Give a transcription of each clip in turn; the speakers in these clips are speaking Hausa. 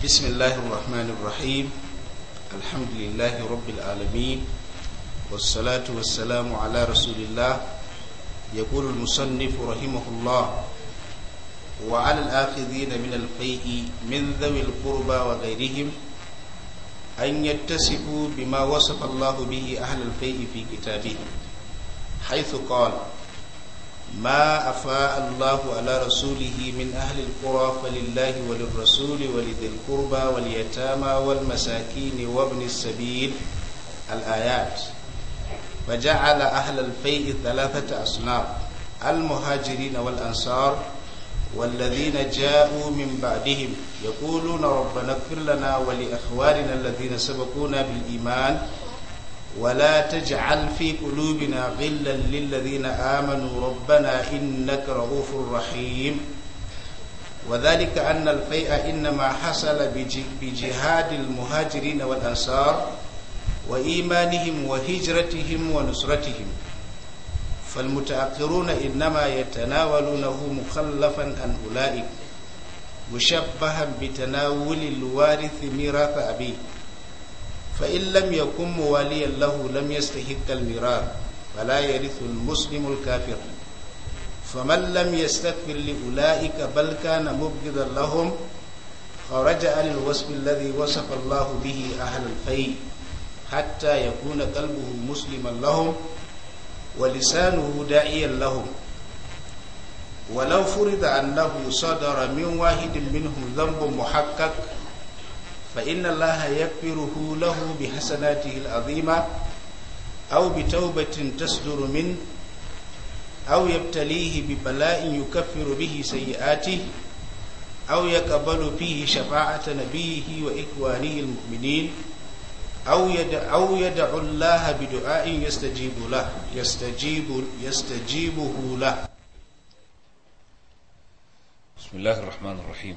بسم الله الرحمن الرحيم الحمد لله رب العالمين والصلاة والسلام على رسول الله يقول المصنف رحمه الله وعلى الآخذين من الفيء من ذوي القربى وغيرهم أن يتسفوا بما وصف الله به أهل الفيء في كتابه حيث قال ما أفاء الله على رسوله من أهل القرى فلله وللرسول ولذي القربى واليتامى والمساكين وابن السبيل الآيات فجعل أهل الفيء ثلاثة أصناف المهاجرين والأنصار والذين جاءوا من بعدهم يقولون ربنا اغفر لنا ولإخواننا الذين سبقونا بالإيمان ولا تجعل في قلوبنا غلا للذين آمنوا ربنا إنك رؤوف رحيم وذلك أن الفيء إنما حصل بجهاد المهاجرين والأنصار وإيمانهم وهجرتهم ونصرتهم فالمتأخرون إنما يتناولونه مخلفا عن أولئك مشبها بتناول الوارث ميراث أبيه فإن لم يكن مواليا له لم يستحق الميراث فلا يرث المسلم الكافر فمن لم يستكفر لأولئك بل كان مبغضا لهم خرج عن الوصف الذي وصف الله به أهل الفي حتى يكون قلبه مسلما لهم ولسانه داعيا لهم ولو فرض أنه صدر من واحد منهم ذنب محقق فإن الله يكفره له بحسناته العظيمة أو بتوبة تصدر منه أو يبتليه ببلاء يكفر به سيئاته أو يقبل فيه شفاعة نبيه وإخوانه المؤمنين أو يدع أو يدعو الله بدعاء يستجيب له يستجيب يستجيبه له بسم الله الرحمن الرحيم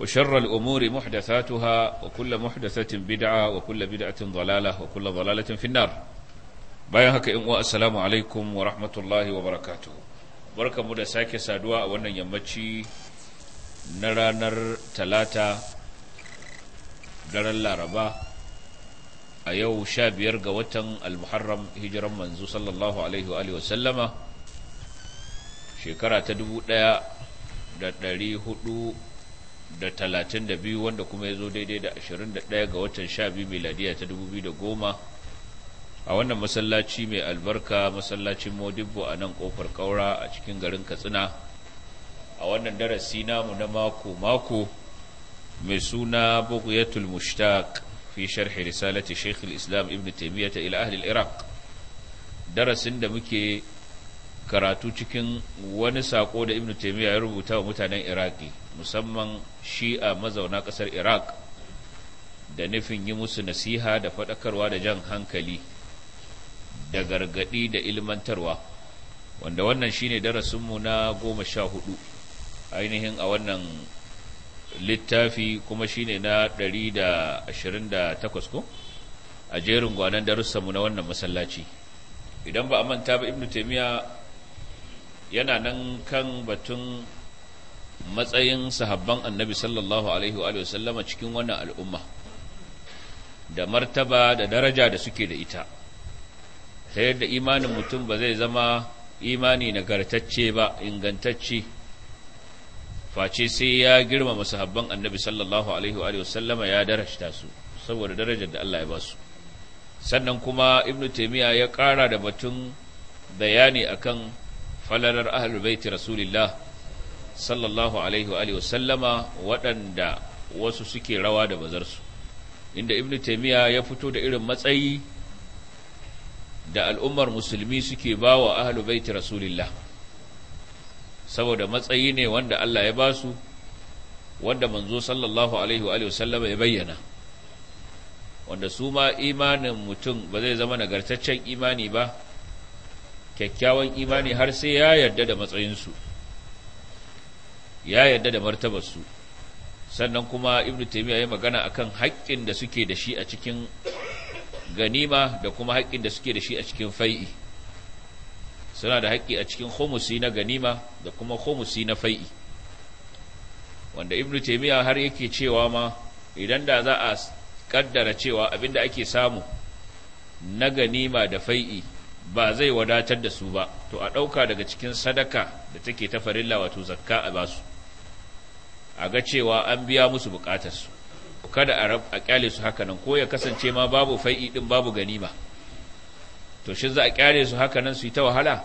وشر الأمور محدثاتها وكل محدثة بدعة وكل بدعة ضلالة وكل ضلالة في النار bayan haka in uwa assalamu alaikum wa rahmatullahi wa barakatuhu barkamu da sake saduwa a wannan yammaci na ranar talata daren laraba a yau sha biyar ga watan almuharram hijiran manzo sallallahu alaihi wa alihi shekara ta dubu ɗaya da ɗari hudu da talatin da biyu wanda kuma ya zo daidai da ashirin da ɗaya ga watan sha biyu miladiya ta dubu biyu da goma. a wannan masallaci mai albarka masallacin modibbo a nan kofar kaura a cikin garin katsina a wannan darasi namu na mako-mako mai suna bugiyatul mushtaq fi sharhi risalati sheikh islam ibn ta ila ahli iraq darasin da muke karatu cikin wani sako da ibn taimiyya ya rubuta wa mutanen iraki musamman shi'a mazauna ƙasar iraq da nufin yi musu nasiha da faɗakarwa da jan hankali da gargaɗi da ilmantarwa wanda wannan shine darasinmu na goma sha hudu ainihin a wannan littafi kuma shine na 128 ko a jerin gwanan mu na wannan masallaci idan ba a manta ba ibnu taimiyya yana nan kan batun matsayin sahabban annabi sallallahu alaihi wa sallama cikin wannan al'umma da martaba da daraja da suke da ita ta yadda imanin mutum ba zai zama imani nagartacce ba ingantacce face sai ya girmama sahabban annabi sallallahu alaihi wa sallama ya darajta su saboda darajar da Allah ya ba su sannan kuma ibnu taymiya ya ƙara da batun bayani akan falalar ahlul baiti rasulillah sallallahu alaihi wa sallama waɗanda wasu suke rawa da bazarsu inda ibnu taimiyya ya fito da irin matsayi da al'ummar musulmi suke ba wa ahalu baiti rasulillah saboda matsayi ne wanda Allah ya ba su wanda manzo sallallahu alaihi wa sallama ya bayyana wanda su ma imanin mutum ba zai zama nagartaccen imani ba kyakkyawan imani har sai ya yarda da matsayinsu ya yarda da martabar su sannan kuma ibnu taymiya ya magana akan haƙƙin da suke da shi a cikin ganima da kuma haƙƙin da suke da shi a cikin fai'i suna da haƙƙi a cikin khumusi na ganima da kuma khumusi na fai'i wanda ibnu taymiya har yake cewa ma idan da za a kaddara cewa abinda ake samu na ganima da fai'i ba zai wadatar da su ba to a ɗauka daga cikin sadaka da take ta farilla wato zakka a basu a ga cewa an biya musu bukatarsu kada a kyale su hakanan ko ya kasance ma babu fai'i din babu ganima to shi za a kyale su hakanan su yi ta wahala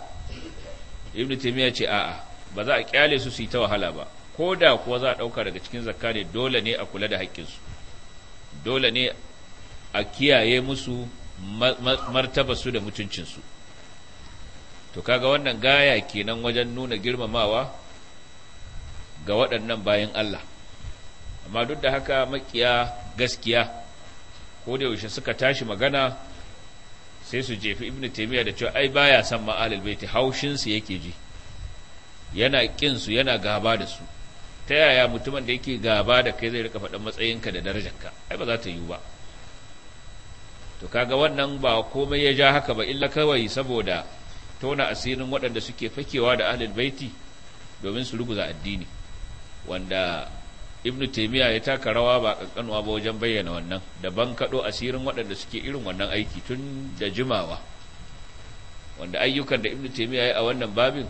ibn taymiya ce a'a ba za a kyale su su yi ta wahala ba ko da kuwa za a dauka daga cikin zakka ne dole ne a kula da su. dole ne a kiyaye musu su da mutuncin su. to kaga wannan gaya kenan wajen nuna girmamawa ga waɗannan bayan Allah amma duk da haka makiya gaskiya ko da yaushe suka tashi magana sai su jefi ibn taimiyya da cewa ai baya san ma ahlul baiti haushin su yake ji yana kin su yana gaba da su ta yaya mutumin da yake gaba da kai zai rika faɗin matsayinka da darajarka ai ba za ta yiwu ba to kaga wannan ba komai ya ja haka ba illa kawai saboda tona asirin waɗanda suke fakewa da ahlul baiti domin su ruguza addini wanda ibn taimiyya ya taka rawa ba kankanuwa ba wajen bayyana wannan daban kaɗo asirin waɗanda suke irin wannan aiki tun da jimawa wanda ayyukan da ibn taimiyya ya a wannan babin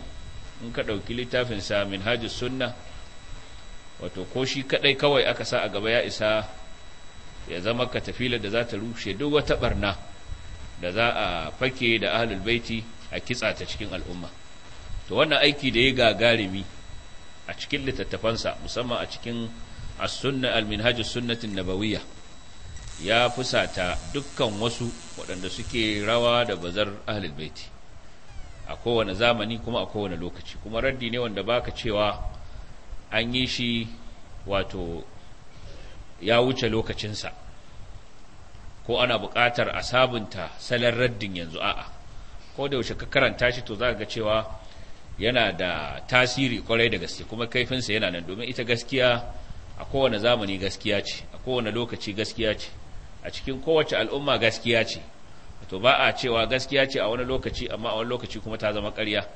in ka ɗauki littafin sa min hajji sunna wato ko shi kaɗai kawai aka sa a gaba ya isa ya zama ka katafilar da za ta rushe duk wata barna da za a fake da ahlul baiti a kitsa ta cikin al'umma to wannan aiki da ya gagarumi a cikin littattafansa musamman a cikin as-sunna al-minhaj as nabawiyya ya fusata dukkan wasu waɗanda suke rawa da bazar ahlul baiti a kowane zamani kuma a kowane lokaci kuma raddi ne wanda baka cewa an yi shi wato ya wuce lokacinsa ko ana buƙatar a sabunta salon raddin yanzu a'a ko da yaushe ka karanta shi to za ga cewa yana da tasiri kwarai da gaske kuma kaifinsa yana nan domin ita gaskiya a kowane zamani gaskiya ce a kowane lokaci gaskiya ce a cikin kowace al'umma gaskiya ce to ba a cewa gaskiya ce a wani lokaci amma a wani lokaci kuma ta zama karya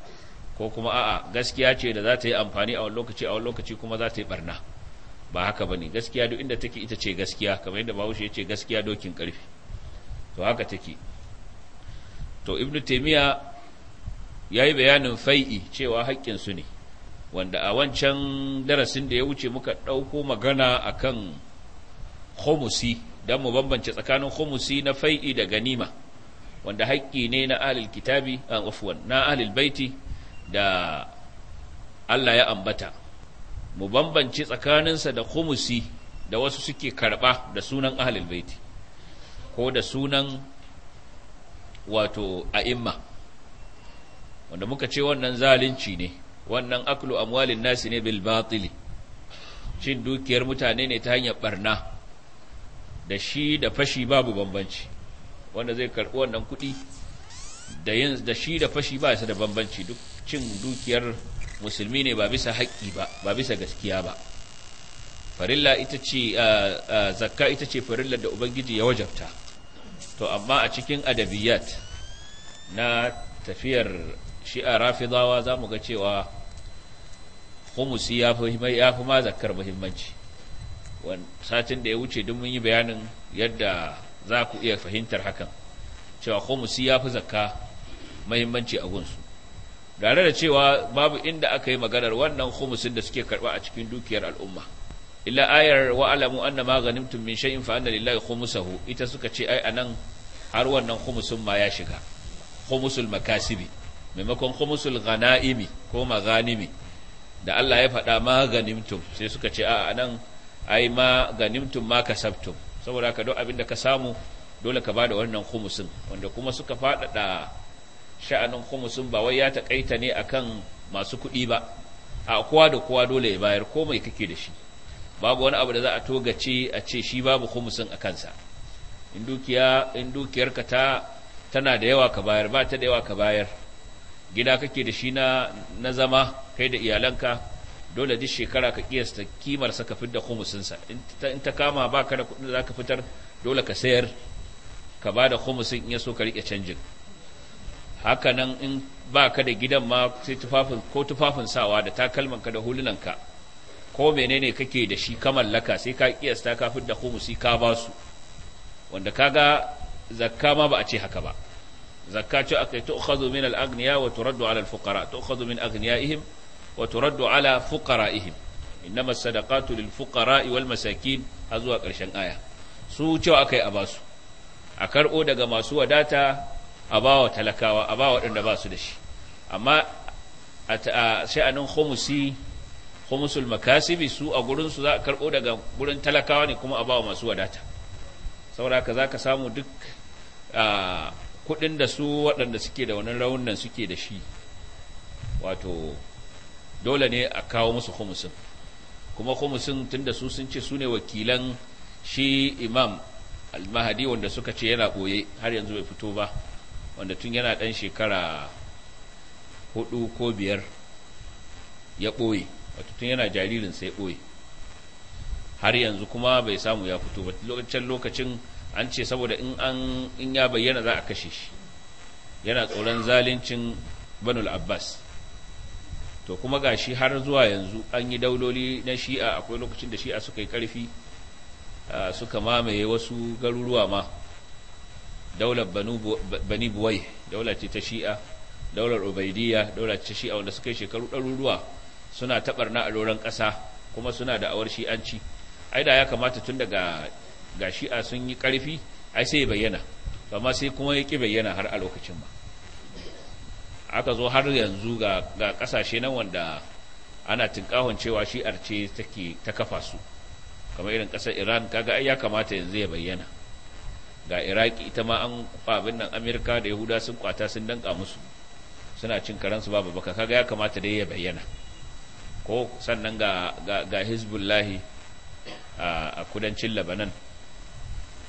ko kuma a'a gaskiya ce da za ta yi amfani a wani lokaci a wani lokaci kuma za ta yi barna ba haka bane gaskiya duk inda take ita ce gaskiya kamar yadda Bahaushe ya ce gaskiya dokin ƙarfi to haka take to ibnu taymiya ya yi bayanin fai'i cewa haƙƙinsu ne wanda a wancan darasin da ya wuce muka ɗauko magana a kan homusi don mu bambance tsakanin homusi na fai'i da ganima wanda haƙƙi ne na ahlul kitabi ah, afwan na ahlul baiti da Allah ya ambata mu bambance tsakaninsa da homusi da wasu suke karɓa da sunan ahlul baiti ko da sunan wato a'imma wanda muka ce wannan zalunci ne wannan aklu amwalin nasi ne bil batili cin dukiyar mutane ne ta hanyar barna da shi da fashi babu bambanci wanda zai karɓi wannan kuɗi da yin da shi da fashi ba su da bambanci duk cin dukiyar musulmi ne ba bisa haƙƙi ba ba bisa gaskiya ba farilla ita ce zakka ita ce farilla da ubangiji ya wajabta to amma a cikin adabiyat na tafiyar shi a rafidawa za mu ga cewa humusi ya fi ma zakar muhimmanci satin da ya wuce duk mun yi bayanin yadda za ku iya fahimtar hakan cewa humusi ya fi zakka muhimmanci a gunsu tare da cewa babu inda aka yi maganar wannan humusin da suke karba a cikin dukiyar al'umma illa ayar wa'alamu anna ma ghanimtum min shay'in fa anna lillahi khumsahu ita suka ce ai anan har wannan kumusin ma ya shiga khumsul makasibi maimakon khumusul ghana'imi ko maganimi da Allah ya faɗa ma ganimtum sai suka ce a nan ai ma ganimtum ma kasabtum saboda ka duk abin da ka samu dole ka bada wannan khumusin wanda kuma suka faɗaɗa sha'anin khumusin ba wai ya taƙaita ne akan masu kuɗi ba a kowa da kowa dole ya bayar ko mai kake da shi babu wani abu da za a togace a ce shi babu khumusin a kansa in dukiya in dukiyarka ta tana da yawa ka bayar ba ta da yawa ka bayar gida kake da shi na zama kai da iyalanka dole duk shekara ka kiyasta kimar sa ka da khumusinsa in ta kama baka da kuɗin da ka fitar dole ka sayar ka ba da khumusin in ya so ka rike canjin haka nan in ka da gidan ma sai tufafin ko tufafin sawa da takalmanka da hulunan ka ko menene kake da shi ka mallaka sai ka kiyasta ka da khumusi ka ba su wanda kaga zakka ma ba a ce haka ba zakka ce aka yi tu'khadhu min al-aghniya wa turaddu ala al-fuqara tu'khadhu min aghniyaihim wa turaddu ala fuqaraihim innama sadaqatu lil fuqara wal masakin har zuwa ƙarshen aya su cewa aka yi a basu a karɓo daga masu wadata a bawa talakawa a bawa waɗanda ba su da shi amma a sha'anin khumusi khumusul makasibi su a gurin su za a karɓo daga gurin talakawa ne kuma a bawa masu wadata saboda haka za ka samu duk kuɗin da su waɗanda suke da wani raunin suke da shi wato dole ne a kawo musu humusin kuma humusin tunda su sun ce su ne wakilan shi imam almahadi wanda suka ce yana ɓoye har yanzu bai fito ba wanda tun yana ɗan shekara hudu ko biyar ya ɓoye wato tun yana jaririn sai ɓoye har yanzu kuma bai samu ya fito ba lokacin lokacin an ce saboda in an in ya bayyana za a kashe shi yana tsoron zalincin banul abbas to kuma gashi har zuwa yanzu an yi dauloli na shi'a akwai lokacin da shi'a suka yi karfi suka mamaye wasu garuruwa ma daular bani buwai daular ce ta shi'a daular obaidiya daular ce shi'a wanda suka yi shekaru ɗaruruwa suna taɓarna a doron ƙasa kuma suna da awar shi'anci ai da ya kamata tun daga ga shi'a sun yi ƙarfi ai sai bayyana amma sai kuma ya ƙi bayyana har a lokacin ba aka zo har yanzu ga ƙasashe nan wanda ana tinkahon cewa shi'ar ce ta kafa su kamar irin ƙasar iran kaga ya kamata yanzu ya bayyana ga iraki ita ma an abin nan amerika da yahuda sun kwata sun danka musu suna cin karansu babu baka kaga ya kamata dai ya bayyana ko sannan ga ga, ga hezbollah a kudancin labanan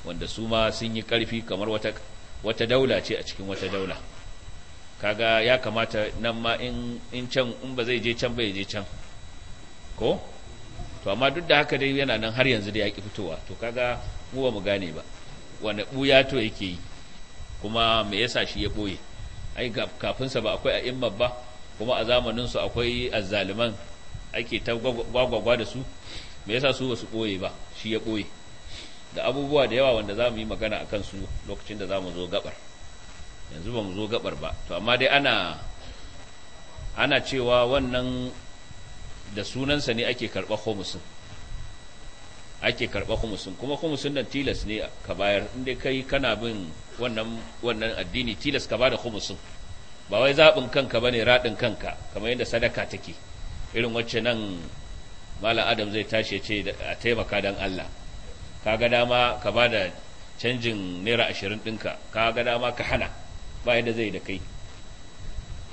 wanda su ma sun yi ƙarfi kamar wata wata daula ce a cikin wata daula kaga ya kamata nan ma in in can in ba zai je can bai je can ko to amma duk da haka dai yana nan har yanzu da ya ki fitowa to kaga mu ba mu gane ba wanda buya to yake yi kuma me yasa shi ya boye ai kafin sa ba akwai a imma ba kuma a zamanin su akwai azzaliman ake ta gwagwagwa da su me yasa su ba su boye ba shi ya boye da abubuwa da yawa wanda za mu yi magana a kansu lokacin da za mu zo gabar yanzu ba mu zo gabar ba to amma dai ana ana cewa wannan da sunansa ne ake karɓar homusin ake karɓar homusin kuma homusin nan tilas ne ka bayar inda kai kana bin wannan wannan addini tilas ka bada homusin ba wai zaɓin kanka ba ne raɗin kanka kamar yadda sadaka take irin wacce nan malam adam zai tashi ce a taimaka don allah ka ga dama ka ba da canjin naira ashirin ɗinka ka ga dama ka hana ba yadda zai da kai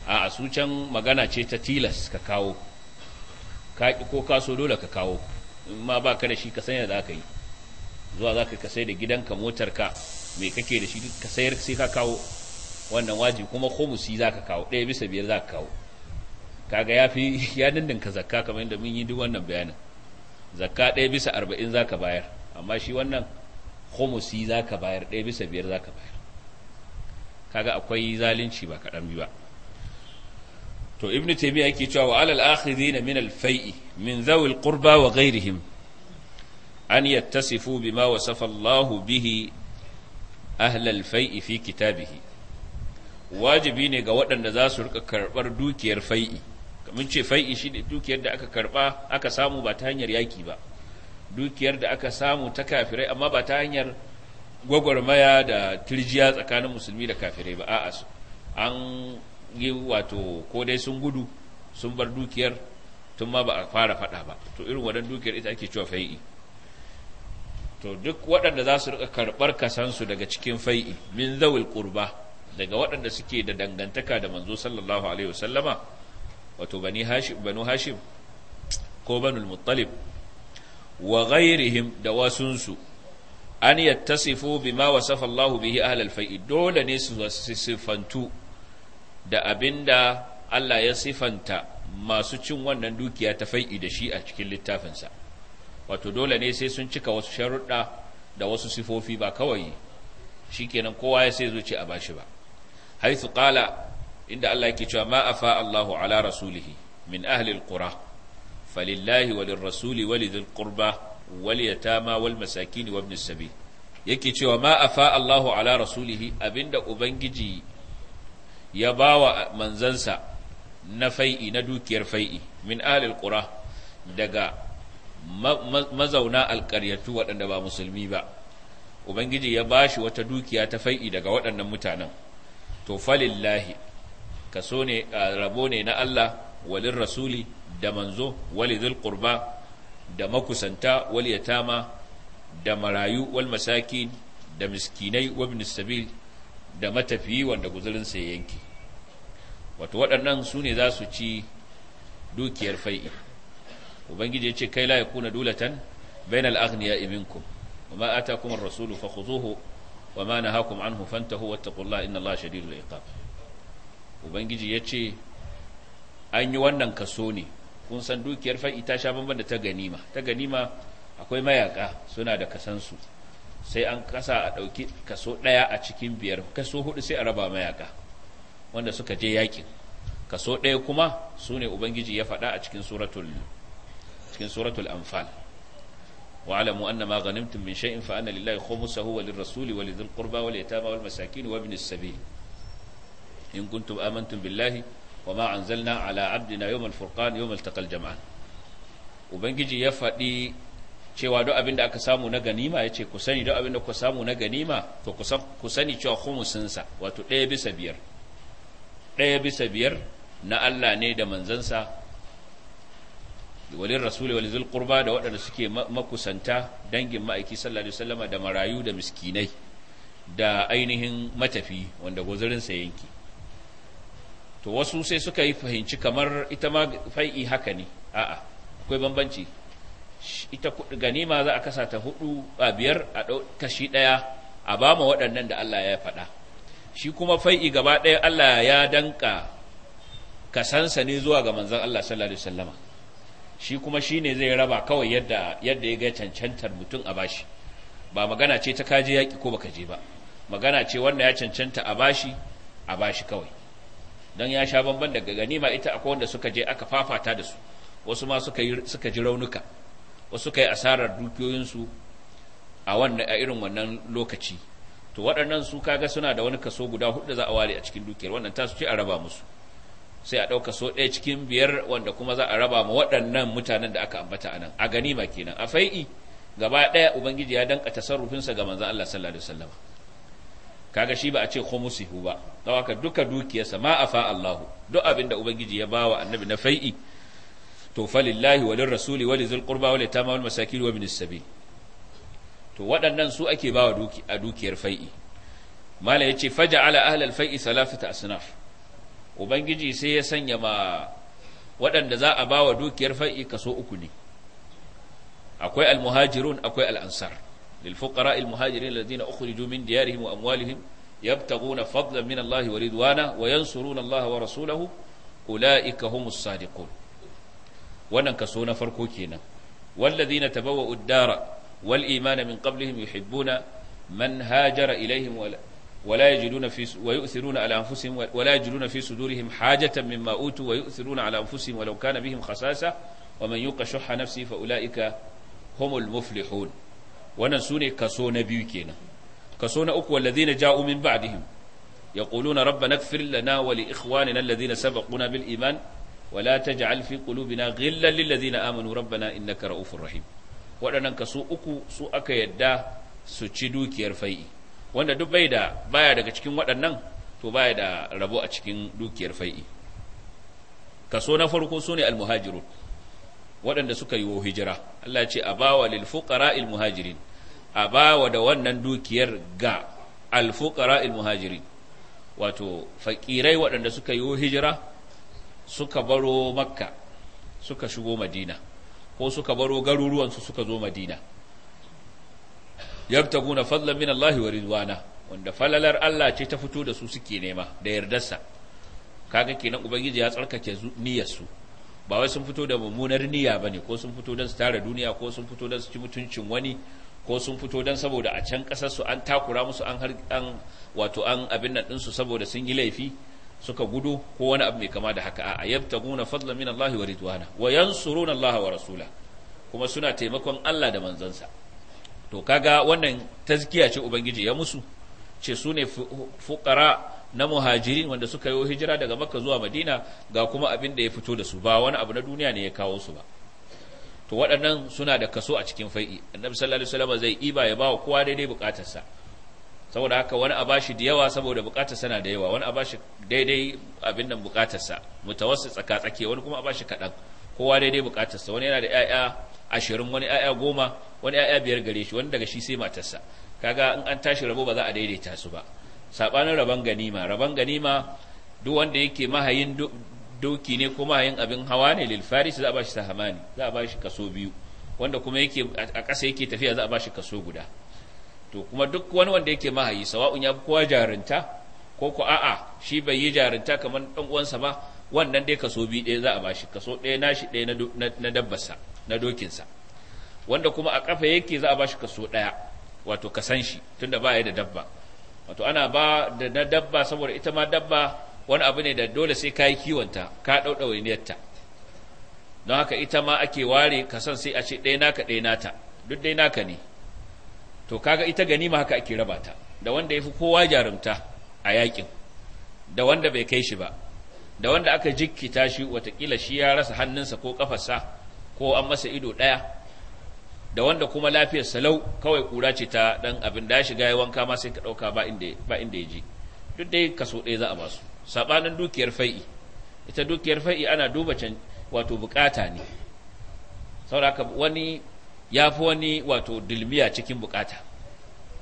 a su magana ce ta tilas ka kawo ka ko ka dole ka kawo ma ba ka da shi ka sanya za ka yi zuwa za ka sai da gidanka motarka mai kake da shi ka sayar sai ka kawo wannan wajibi kuma khumusi za ka kawo ɗaya bisa biyar za ka kawo kaga ya fi ya ka zakka kamar yadda mun yi duk wannan bayanin zakka ɗaya bisa arba'in za ka bayar amma shi wannan za ka bayar ɗaya bisa biyar ka bayar kaga akwai zalunci ba kaɗan bi ba to ibn taimiyya yake cewa wa alal akhidhina min al fai'i min zawil qurba wa ghayrihim an yattasifu bima wasafa Allah bihi ahlal fai'i fi kitabihi wajibi ne ga waɗanda za su rika karɓar dukiyar fai'i mun ce fai'i shi dukiyar da aka karɓa aka samu ba ta hanyar yaki ba dukiyar da aka samu ta kafirai amma ba ta hanyar gwagwarmaya da tirjiya tsakanin musulmi da kafirai ba a'a an yi wato ko dai sun gudu sun bar dukiyar tun ma ba a fara faɗa ba to irin waɗannan dukiyar ita ake cewa fai'i to duk waɗanda za su rika karɓar kasansu daga cikin fai'i min zawil qurba daga waɗanda suke da dangantaka da manzo sallallahu alaihi wasallama wato bani hashim banu hashim ko banul muttalib wa ghairihim da wasunsu an yattasifu bima wasafa Allahu bihi ahlal fai dole ne su sifantu da abinda Allah ya sifanta masu cin wannan dukiya ta fai'i da shi a cikin littafinsa wato dole ne sai sun cika wasu sharuɗa da wasu sifofi ba kawai shikenan kowa ya sai zuci a bashi ba haythu qala inda Allah yake cewa ma afa Allahu ala rasulihi min ahli alqura falillahi walin rasuli walidin qurba wal yatama wal yake cewa ma afa Allahu ala rasulihi abinda ubangiji ya bawa manzansa na fai'i na dukiyar fai'i min ahlil daga mazauna alƙaryatu waɗanda ba musulmi ba ubangiji ya bashi wata dukiya ta fai'i daga waɗannan mutanen to falillahi so ne rabo ne na Allah walin rasuli da manzo walidul qurba da makusanta wal yatama da marayu wal masakin da miskinai wabin sabil da matafiyi wanda guzurinsa ya yanke wato waɗannan su ne za su ci dukiyar fai'i ubangiji ya ce kai la yakuna dulatan bainal aghniya minkum وما آتاكم الرسول فخذوه وما نهاكم عنه فانتهوا واتقوا الله إن الله شديد العقاب ubangiji ya ce an yi wannan kaso ne kun san dukiyar fa'i ta sha bamban da ta ganima ta ganima akwai mayaka suna da kasansu sai an kasa a ɗauki kaso ɗaya a cikin biyar kaso hudu sai a raba mayaka wanda suka je yakin kaso ɗaya kuma su ne ubangiji ya faɗa a cikin suratul cikin suratul anfal واعلموا ان ما غنمتم من شيء فان لله خمسه وللرسول ولذي wal واليتامى والمساكين وابن السبيل In كنتم امنتم billahi. wa ma anzalna ala abdina yawmal furqan yawmal taqal jama'an ubangiji ya faɗi cewa duk abin da aka samu na ganima ya ce ku sani duk abin da ku samu na ganima to ku sani cewa sa wato ɗaya bisa biyar ɗaya bisa biyar na Allah ne da manzansa walin rasuli walin zulkurba da waɗanda suke makusanta dangin ma'aiki sallallahu alaihi wasallama da marayu da miskinai da ainihin matafi wanda guzurinsa yanki to wasu sai suka yi fahimci kamar ita ma fai'i haka ne a'a akwai bambanci ita ganima za a kasa ta hudu a biyar a kashi daya a bama waɗannan da Allah ya faɗa shi kuma fai'i gaba ɗaya Allah ya danka kasansa ne zuwa ga manzon Allah sallallahu shi kuma shi ne zai raba kawai yadda yadda ya ga cancantar mutum a bashi ba magana ce ta kaje yaƙi ko baka je ba magana ce wanda ya cancanta a bashi a bashi kawai don ya sha bamban daga ganima ita akwai wanda suka je aka fafata da su wasu ma suka yi suka ji raunuka wasu suka yi asarar dukiyoyinsu a wannan a irin wannan lokaci to waɗannan su kaga suna da wani kaso guda hudu da za a ware a cikin dukiyar wannan ta su ce a raba musu sai a ɗauka so ɗaya cikin biyar wanda kuma za a raba ma waɗannan mutanen da aka ambata a nan a ganima kenan a fai'i gaba ɗaya ubangiji ya danka tasarrufinsa ga manzon Allah sallallahu alaihi wasallam kaga shi ba a ce khumusihu ba don haka duka dukiyarsa ma afa Allahu duk abin da ubangiji ya bawa annabi na fai'i to falillahi walin rasuli wa lizil qurba wa litama wal masakin wa sabil to waɗannan su ake bawa duki a dukiyar fai'i mala yace faja'ala ahlal fai'i salasata asnaf ubangiji sai ya sanya ma waɗanda za a bawa dukiyar fai'i kaso uku ne akwai almuhajirun akwai al-ansar للفقراء المهاجرين الذين أخرجوا من ديارهم وأموالهم يبتغون فضلا من الله ورضوانا وينصرون الله ورسوله أولئك هم الصادقون وننكسون فركوكينا والذين تبوأوا الدار والإيمان من قبلهم يحبون من هاجر إليهم ولا, ولا يجدون في ويؤثرون على انفسهم ولا يجدون في صدورهم حاجة مما اوتوا ويؤثرون على انفسهم ولو كان بهم خساسة ومن يوق شح نفسه فاولئك هم المفلحون wannan sune kaso na biyu kenan kaso na uku wallazina ja'u min ba'dihim yaquluna rabbana ighfir lana wa na ikhwanina alladhina sabaquna bil iman wa la taj'al fi qulubina ghillan lil ladzina amanu rabbana innaka ra'ufur rahim waɗannan kaso uku su aka yadda su ci dukiyar fai'i wanda duk bai da baya daga cikin waɗannan to baya da rabo a cikin dukiyar fai'i kaso na farko su ne almuhajirun waɗanda suka yi wa hijira Allah ce a bawa lilfuƙara fuqara a bawa da wannan dukiyar ga alfuƙara fuqara il wato faƙirai waɗanda suka yi hijira suka baro makka suka shigo madina ko suka baro garuruwansu suka zo madina yabtaguna fadlan min Allah wa ridwana wanda falalar Allah ce ta fito da su suke nema da yardarsa kaga kenan ubangiji ya tsarkake niyyarsu su ba wai sun fito da mummunar niyya bane ko sun fito don su tara duniya ko sun fito don su ci mutuncin wani ko sun fito don saboda a can kasar su an takura musu an har an wato an abin nan ɗinsu saboda sun yi laifi suka gudu ko wani abu mai kama da haka a yabtaguna fadlan min Allah wa ridwana wa yansuruna Allah wa rasula kuma suna taimakon Allah da manzansa to kaga wannan tazkiya ce ubangiji ya musu ce su ne fuqara na muhajirin wanda suka yi hijira daga makka zuwa madina ga kuma abin da ya fito da su ba wani abu na duniya ne ya kawo su ba to waɗannan suna da kaso a cikin fai'i annabi sallallahu alaihi wasallam zai iba ya bawa kowa daidai bukatarsa saboda haka wani a bashi da yawa saboda bukatarsa na da yawa wani a bashi daidai abin nan bukatarsa mutawassi tsaka tsake wani kuma a bashi kaɗan kowa daidai bukatarsa wani yana da 'ya'ya ashirin wani 'ya'ya goma wani 'ya'ya biyar gare shi wani daga shi sai matarsa kaga in an tashi rabo ba za a daidaita su ba sabanin rabon ganima Rabon ganima duk wanda yake mahayin doki ne ko mahayin abin hawa ne lil faris za a bashi sahamani za a bashi kaso biyu wanda kuma yake a ƙasa yake tafiya za a bashi kaso guda to kuma duk wani wanda yake mahayi sawa'un ya fi kowa jarinta ko ko a'a shi bai yi jarinta kamar ɗan uwansa ba wannan dai kaso biyu ɗaya za a bashi kaso ɗaya nashi ɗaya na dabbarsa na dokinsa wanda kuma a ƙafa yake za a bashi kaso ɗaya wato kasan shi tunda ba ya da dabba wato ana ba da na dabba saboda ita ma dabba wani abu ne da dole sai ka yi kiwonta ka ɗauɗaure niyarta don haka ita ma ake ware kasan sai a ce ɗaya naka ɗaya nata duk ɗaya naka ne to kaga ita gani ma haka ake raba ta da wanda ya fi kowa jarumta a yakin da wanda bai kai shi ba da wanda aka jikkita shi watakila shi ya rasa hannunsa ko kafarsa ko an masa ido ɗaya da wanda kuma lafiyar salau kawai kura ce ta dan abin da ya shiga ya wanka ma sai ka dauka ba inda ba inda ya je duk dai kaso ɗaya za a ba su sabanin dukiyar fai'i ita dukiyar fai'i ana duba can wato bukata ne saboda wani ya fi wani wato dilmiya cikin bukata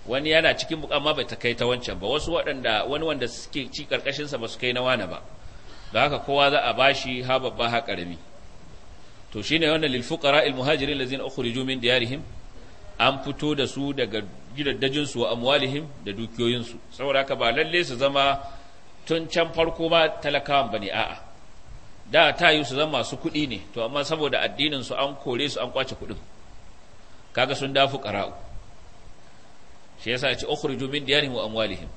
wani yana cikin bukata ma bai ta kai ta wancan ba wasu waɗanda wani wanda suke ci sa ba su kai na wani ba da haka kowa za a bashi ha babba ha ƙarami to shine wannan lil fuqara muhajirin allazina ukhriju min diyarihim an fito da su daga gidaddajin su wa amwalihim da dukiyoyin su saboda haka ba lalle su zama tun can farko ma talakawan bane a'a da ta yi su zama masu kuɗi ne to amma saboda addinin su an kore su an kwace kuɗin kaga sun dafu qara'u shi yasa ce ukhriju min diyarihim wa amwalihim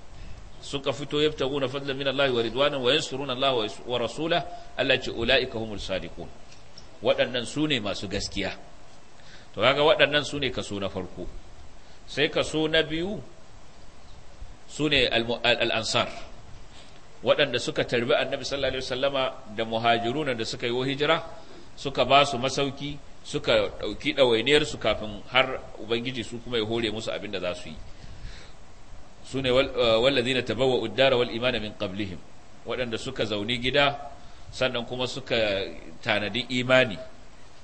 suka fito yabtaguna fadlan min Allah wa ridwanan wa yansuruna Allah wa rasulahu Allah ce ulaika humul sadiqun waɗannan su ne masu gaskiya to kaga waɗannan su ne kaso na farko sai kaso na biyu su ne al'ansar waɗanda suka tarbi annabi sallallahu alaihi wasallama da muhajiruna da suka yi wa hijira suka ba su masauki suka ɗauki ɗawainiyarsu kafin har ubangiji su kuma ya hore musu abin da za su yi su ne wallazina tabawwa uddara wal imana min qablihim waɗanda suka zauni gida sannan kuma suka tanadi imani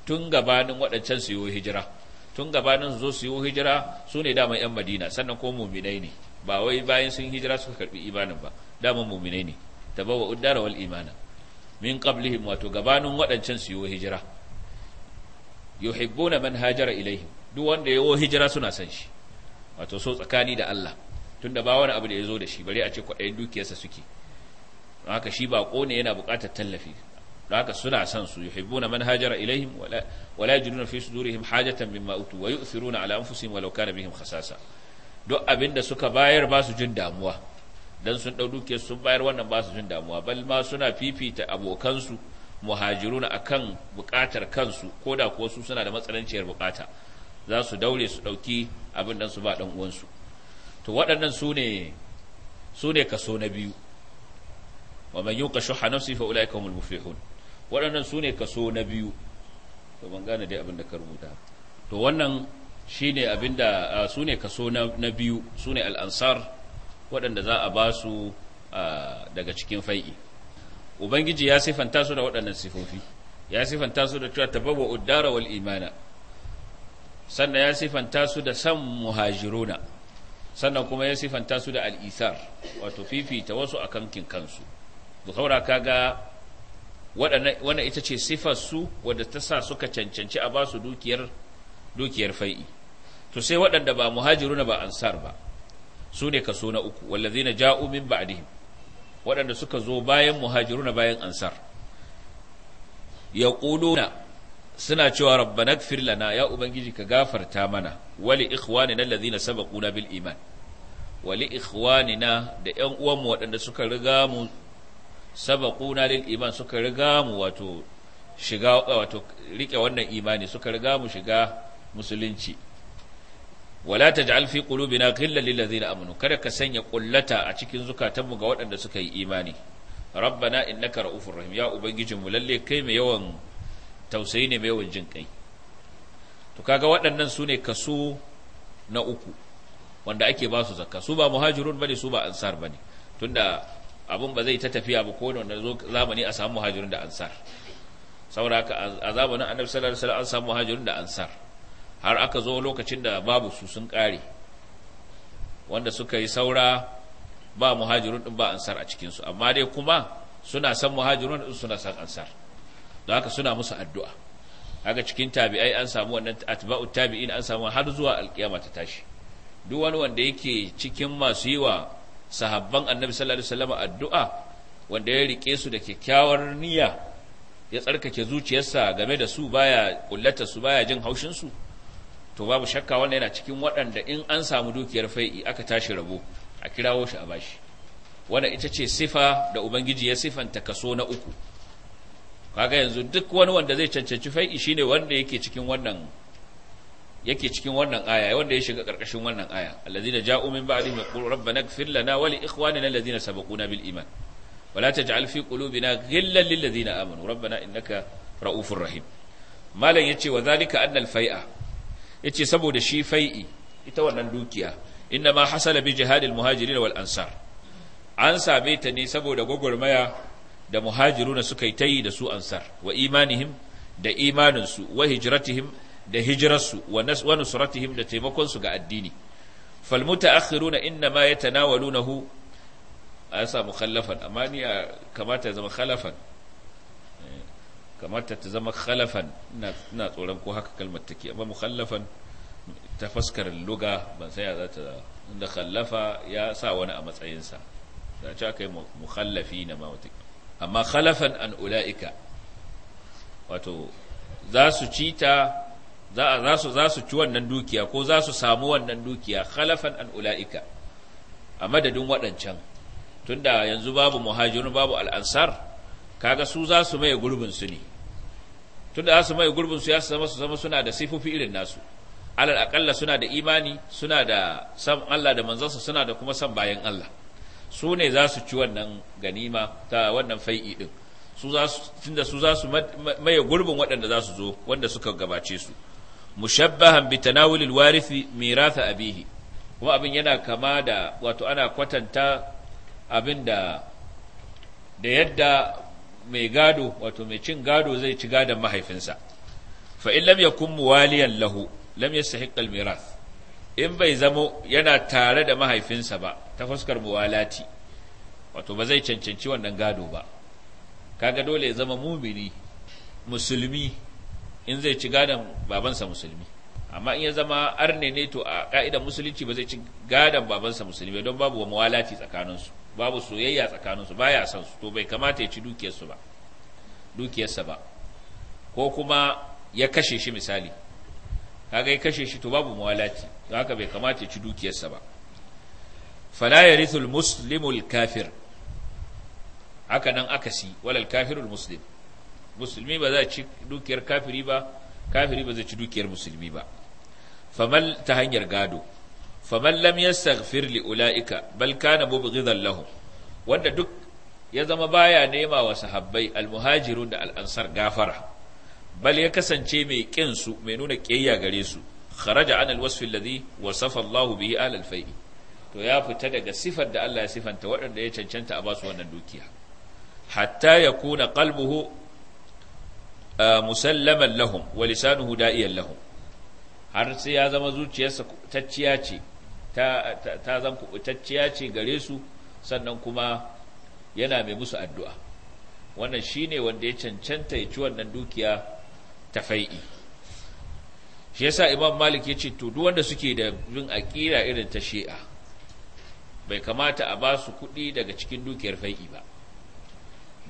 tun gabanin waɗancan su yi hijira tun gabanin su zo su yi hijira su ne dama 'yan madina sannan kuma muminai ne ba wai bayan sun hijira suka karɓi imanin ba dama muminai ne ta tabawa uddara wal imana min qablihim wato gabanin waɗancan su yi hijira yuhibbuna man hajara ilaihim duk wanda yawo hijira suna san shi wato so tsakani da Allah tunda ba wani abu da ya zo da shi bari a ce kwaɗayin dukiyarsa suke don haka shi bako ne yana buƙatar tallafi don haka suna son su yuhibbuna na manhajar ilaihim wala yajiduna fi sudurihim hajatan mimma utu wa yu'thiruna ala anfusihim walau kana bihim khasasa duk abinda suka bayar ba su jin damuwa dan sun dau duke sun bayar wannan ba su jin damuwa bal ma suna fifita abokansu muhajiruna akan buƙatar kansu da kuwa su suna da matsananciyar buƙata za su daure su ɗauki abin dan su ba ɗan uwansu to waɗannan su ne su ne kaso na biyu wa man yuqa shuha nafsi fa ulaika humul muflihun waɗannan su ne kaso na biyu to ban gane dai abin da ka rubuta to wannan shine abin da su ne kaso na biyu su ne al'ansar waɗanda za a ba su daga cikin fai'i ubangiji ya sifanta su da waɗannan sifofi ya sifanta su da cewa tababwa uddara wal imana sannan ya sifanta su da san muhajiruna sannan kuma ya sifanta su da al'isar wato fifita wasu a kankin kansu Ku saura kaga wannan ita ce sifar su wadda ta sa suka cancanci a ba su dukiyar dukiyar fai'i to sai waɗanda ba muhajiruna ba ansar ba su ne kaso na uku wallazina ja'u min ba'dihim waɗanda suka zo bayan muhajiruna bayan ansar yaquluna suna cewa rabbana ighfir lana ya ubangiji ka gafarta mana wali ikhwanina allazina sabaquna bil iman wali ikhwanina da ƴan uwanmu waɗanda suka riga mu sabakuna lil iman suka riga mu wato shiga wato rike wannan imani suka riga mu shiga musulunci wala taj'al fi qulubina ghillan lil ladzina amanu kada ka sanya kullata a cikin zukatanmu ga waɗanda suka yi imani rabbana innaka ra'ufur rahim ya mu lalle kai mai yawan tausayi ne mai yawan jin kai to kaga waɗannan su kaso na uku wanda ake ba su zakka su ba muhajirun bane su ba ansar bane tunda abin ba zai ta tafiya ba ko wanda zamani a samu muhajirin da ansar saboda haka a zamanin annabi sallallahu alaihi wasallam an samu muhajirin da ansar har aka zo lokacin da babu su sun kare wanda suka yi saura ba muhajirun din ba ansar a cikin su amma dai kuma suna san muhajirun din suna san ansar don haka suna musu addu'a haka cikin tabi'ai an samu wannan atba'u tabi'in an samu har zuwa alkiyama ta tashi duk wani wanda yake cikin masu yi wa sahabban annabi sallallahu alaihi wasallam addu'a wanda ya rike su da kyakkyawar niyya ya tsarkake zuciyarsa game da su baya kullata su baya jin haushin su to babu shakka wannan yana cikin waɗanda in an samu dukiyar fai'i aka tashi rabo a kirawo shi a bashi wannan ita ce sifa da ubangiji ya sifanta kaso na uku kaga yanzu duk wani wanda zai cancanci fai'i shine wanda yake cikin wannan yake cikin wannan aya wanda ya shiga karkashin wannan aya allazina ja'u min ba'dihim yaqulu rabbana ighfir lana wa li ikhwanina allazina sabaquna bil iman wa la taj'al fi qulubina ghillan lil ladzina amanu rabbana innaka ra'ufur rahim malam yace wa zalika anna al fai'a yace saboda shi fai'i ita wannan dukiya inna ma hasala bi jihadil muhajirin wal ansar an sabe ta ne saboda gwagwarmaya da muhajiruna suka yi tayi da su ansar wa imanihim da imanin su wa hijratihim da hijirarsu wa nusratihim da taimakonsu ga addini fal mutaakhiruna inna ma yatanawalunahu a samu khallafan amma ni kamata ya zama khalafan eh, kamata ta zama khalafan ina tsoron ko haka kalmar take amma mukhallafan ta faskar luga ban sai ya za ta inda khallafa ya sa wani a matsayinsa da ci aka yi na ma wata amma khalafan an ula'ika wato za su cita. za su za su ci wannan dukiya ko za su samu wannan dukiya khalafan an ula'ika a madadin waɗancan tunda yanzu babu muhajirun babu al'ansar kaga su za su maye gurbin su ne tunda za su maye gurbin su ya zama su zama suna da sifofi irin nasu alal akalla suna da imani suna da san Allah da manzansa suna da kuma san bayan Allah su ne za su ci wannan ganima ta wannan fai'i din su za su tunda su za su maye gurbin waɗanda za su zo wanda suka gabace su mushabbahan bi tanawul alwarith miratha abihi kuma abin yana kama da wato ana kwatanta abin da da yadda mai gado wato mai cin gado zai ci gadon mahaifinsa fa in lam yakun muwaliyan lahu lam yastahiq almirath in bai zamo yana tare da mahaifinsa ba ta fuskar muwalati wato ba zai cancanci wannan gado ba kaga dole ya zama mumini musulmi in zai ci gadon babansa musulmi amma in ya zama arne ne to a ka'idar musulunci ba zai ci gadon babansa musulmi don babu mawalati tsakaninsu babu soyayya tsakaninsu ya san su to bai kamata ya ci dukiyarsu ba dukiyarsa ba ko kuma ya kashe shi misali kaga ya kashe shi to babu mawalati to haka bai kamata ya ci dukiyarsa ba fala yarithul muslimul kafir haka nan akasi walal kafirul muslim musulmi ba za ci dukiyar kafiri ba kafiri ba zai ci dukiyar musulmi ba famal ta hanyar gado Famal lam yastaghfir li ulaika bal kana mubghidan lahum wanda duk ya zama baya nema wa sahabbai almuhajirun da al'ansar gafara bal ya kasance mai kin su mai nuna kiyayya gare su kharaja an alwasf alladhi wasafa Allahu bihi al alfai to ya fita daga sifar da Allah ya sifanta waɗanda ya cancanta a basu wannan dukiya hatta ya kuna qalbuhu musallaman لهم ولسانه دائيا da'iyan lahum har sai ya zama zuciyarsa tacciya ce ta zan kubutacciya ce gare su sannan kuma yana mai musu addu'a wannan shine wanda ya cancanta ya ci wannan dukiya ta fai'i shi yasa imam malik ya ce to duk wanda suke da bin aƙira irin ta shi'a bai kamata a ba su kuɗi daga cikin dukiyar fai'i ba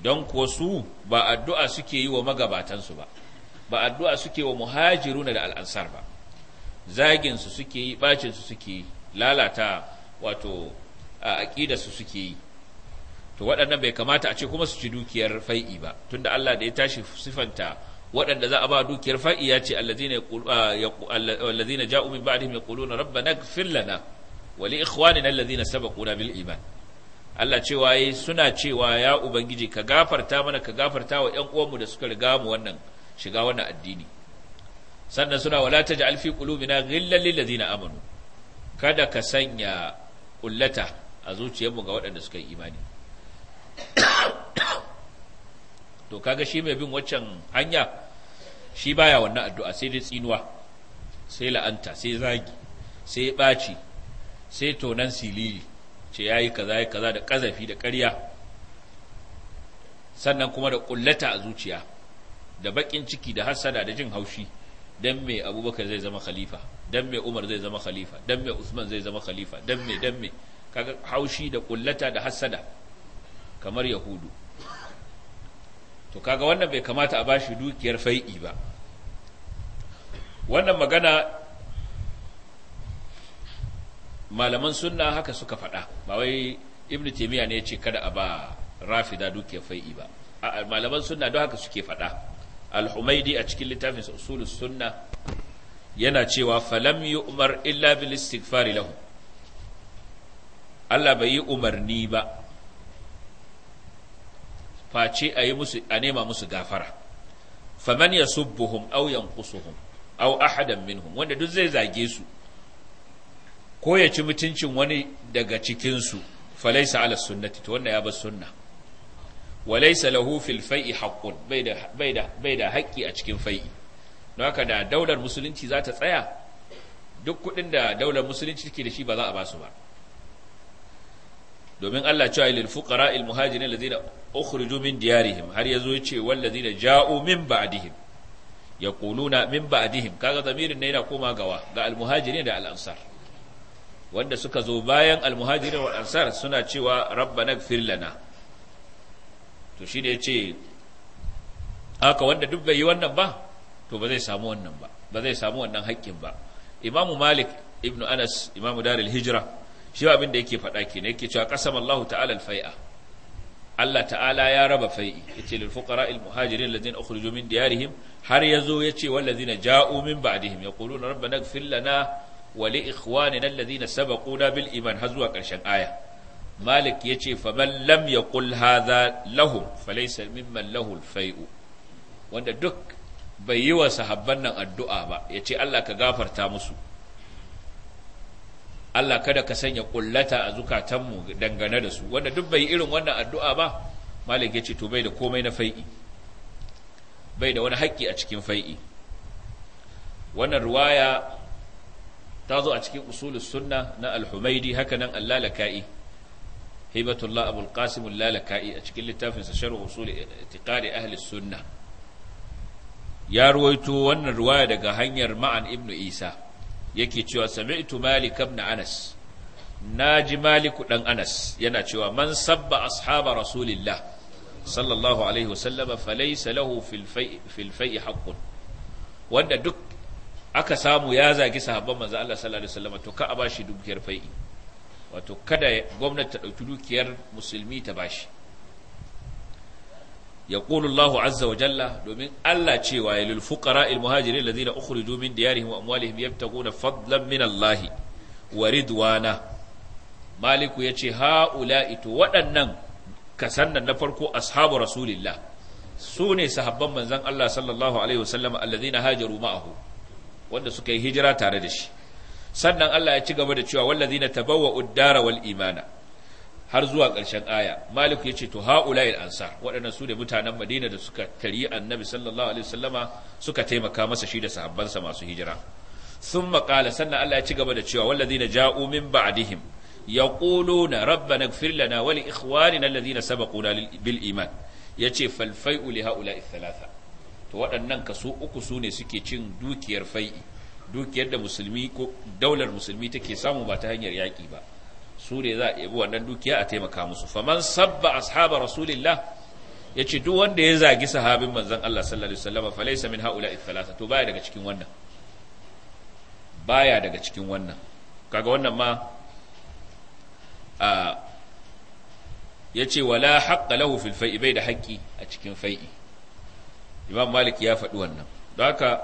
don kuwa su ba addu'a suke yi wa magabatansu ba ba addu'a suke wa muhajiruna da al'ansar ba zaginsu suke yi bacinsu suke yi lalata wato a aƙidarsu suke yi to waɗannan bai kamata a ce kuma su ci dukiyar fai'i ba tunda Allah da ya tashi sifanta waɗanda za a ba dukiyar fai'i ya ce allazina ja'u min ba'dihim yaquluna rabbana ighfir lana wa li ikhwanina allazina sabaquna bil iman Allah cewa suna cewa ya ubangiji ka gafarta mana ka gafarta wa ƴan uwanmu da suka riga mu wannan shiga wannan addini sannan suna wala taj'al fi qulubina ghillan lil ladina amanu kada ka sanya kullata a zuciyarmu ga waɗanda suka yi imani to kaga shi mai bin waccan hanya shi baya wannan addu'a sai dai tsinuwa sai la'anta sai zagi sai ɓaci sai tonan silili ce yayi kaza kaza da kazafi da ƙarya sannan kuma da ƙullata a zuciya da baƙin ciki da hasada da jin haushi dan me abubakar zai zama khalifa dan me umar zai zama khalifa dan me usman zai zama khalifa dan me dan me kaga haushi da ƙullata da hasada kamar yahudu to kaga wannan bai kamata a bashi dukiyar fai'i ba wannan magana malaman sunna haka suka faɗa ba wai ibnu taymiya ne ya ce kada a ba rafida dukiyar fai'i ba malaman sunna don haka suke faɗa al-humaidi a cikin littafin usul sunna yana cewa falam yu'mar illa bil istighfari lahu Allah bai yi umarni ba face a yi musu a nema musu gafara faman yasubbuhum aw yanqusuhum aw ahadan minhum wanda duk zai zage su ko ya ci mutuncin wani daga cikinsu falaisa ala sunnati to wannan ya bar sunna walaisa lahu fil fai'i haqqun bai da bai da bai da haƙƙi a cikin fai'i don haka da daular musulunci za ta tsaya duk kuɗin da daular musulunci take da shi ba za a ba ba domin Allah cewa lil fuqara al muhajirin allazina ukhriju min diyarihim har yazo yace wallazina ja'u min ba'dihim yaquluna min ba'dihim kaga zamirin ne yana koma gawa ga al muhajirin da al ansar wanda suka zo bayan almuhajirin wal ansar suna cewa rabbana ighfir lana to shi ya ce haka wanda duk bai yi wannan ba to ba zai samu wannan ba ba zai samu wannan haƙƙin ba imamu malik ibnu anas imamu darul hijra shi ba abin da yake faɗa ne yake cewa qasam Allahu ta'ala al-fai'a Allah ta'ala ya raba fai'i yace lil fuqara al muhajirin alladhina ukhriju min diyarihim har ya yazo yace wallazina ja'u min ba'dihim yaquluna rabbana ighfir lana wa li na alladhina sabaquna bil iman har zuwa ƙarshen aya malik yace faman lam yaqul hadha lahum falaysa mimman lahu al-fai'u wanda duk bai yi wa sahabban nan addu'a ba yace Allah ka gafarta musu Allah kada ka sanya kullata a zukatanmu dangane da su wanda duk bai irin wannan addu'a ba malik yace to bai da komai na fai'i bai da wani haƙƙi a cikin fai'i wannan ruwaya ta zo a cikin usulus sunna na al-humaidi haka nan al-lalaka'i hibatullah abul qasim al-lalaka'i a cikin littafin sa sharh usul ahli sunna ya ruwaito wannan ruwaya daga hanyar ma'an ibnu isa yake cewa sami'tu malik ibn anas naji maliku dan anas yana cewa man sabba ashaba rasulillah sallallahu alaihi wasallama falaysa lahu fil fai' haqqun wanda duk aka samu ya zagi sahabban manzo Allah sallallahu alaihi wasallam to ka a bashi dukiyar fai'i wato kada gwamnati ta dauki dukiyar musulmi ta bashi يقول الله عز وجل دومين الله تشيوا للفقراء المهاجرين الذين أخرجوا من ديارهم وأموالهم يبتغون فضلا من الله ورضوانا مالك يتشي هؤلاء تودنن كسنن نفركو أصحاب رسول الله سوني صحابا من زن الله صلى الله عليه وسلم الذين هاجروا معه wanda suka yi hijira tare da shi sannan Allah ya ci gaba da cewa wallazina na ad-dara wal imana har zuwa ƙarshen aya maliku ya ce to ha'ula'il ansar waɗannan su da mutanen madina da suka tari annabi sallallahu alaihi wasallama suka taimaka masa shi da sahabbansa masu hijira sun maƙala sannan allah ya ci gaba da cewa wallazina ja'u min ba'dihim yaquluna rabbana ighfir lana wa li ikhwanina alladhina sabaquna bil iman yace fal fai'u li ha'ula'i thalatha to waɗannan kaso uku su ne suke cin dukiyar fai'i dukiyar da musulmi ko daular musulmi take samu ba ta hanyar yaƙi ba su ne za a yabi wannan dukiya a taimaka musu faman sabba ashaba rasulillah ya ce duk wanda ya zagi sahabin manzon Allah sallallahu alaihi wasallam fa laysa min haula ithalatha to baya daga cikin wannan baya daga cikin wannan kaga wannan ma a ce wala haqqa lahu fil fai'i bai da haƙƙi a cikin fai'i imam malik ya faɗi wannan da haka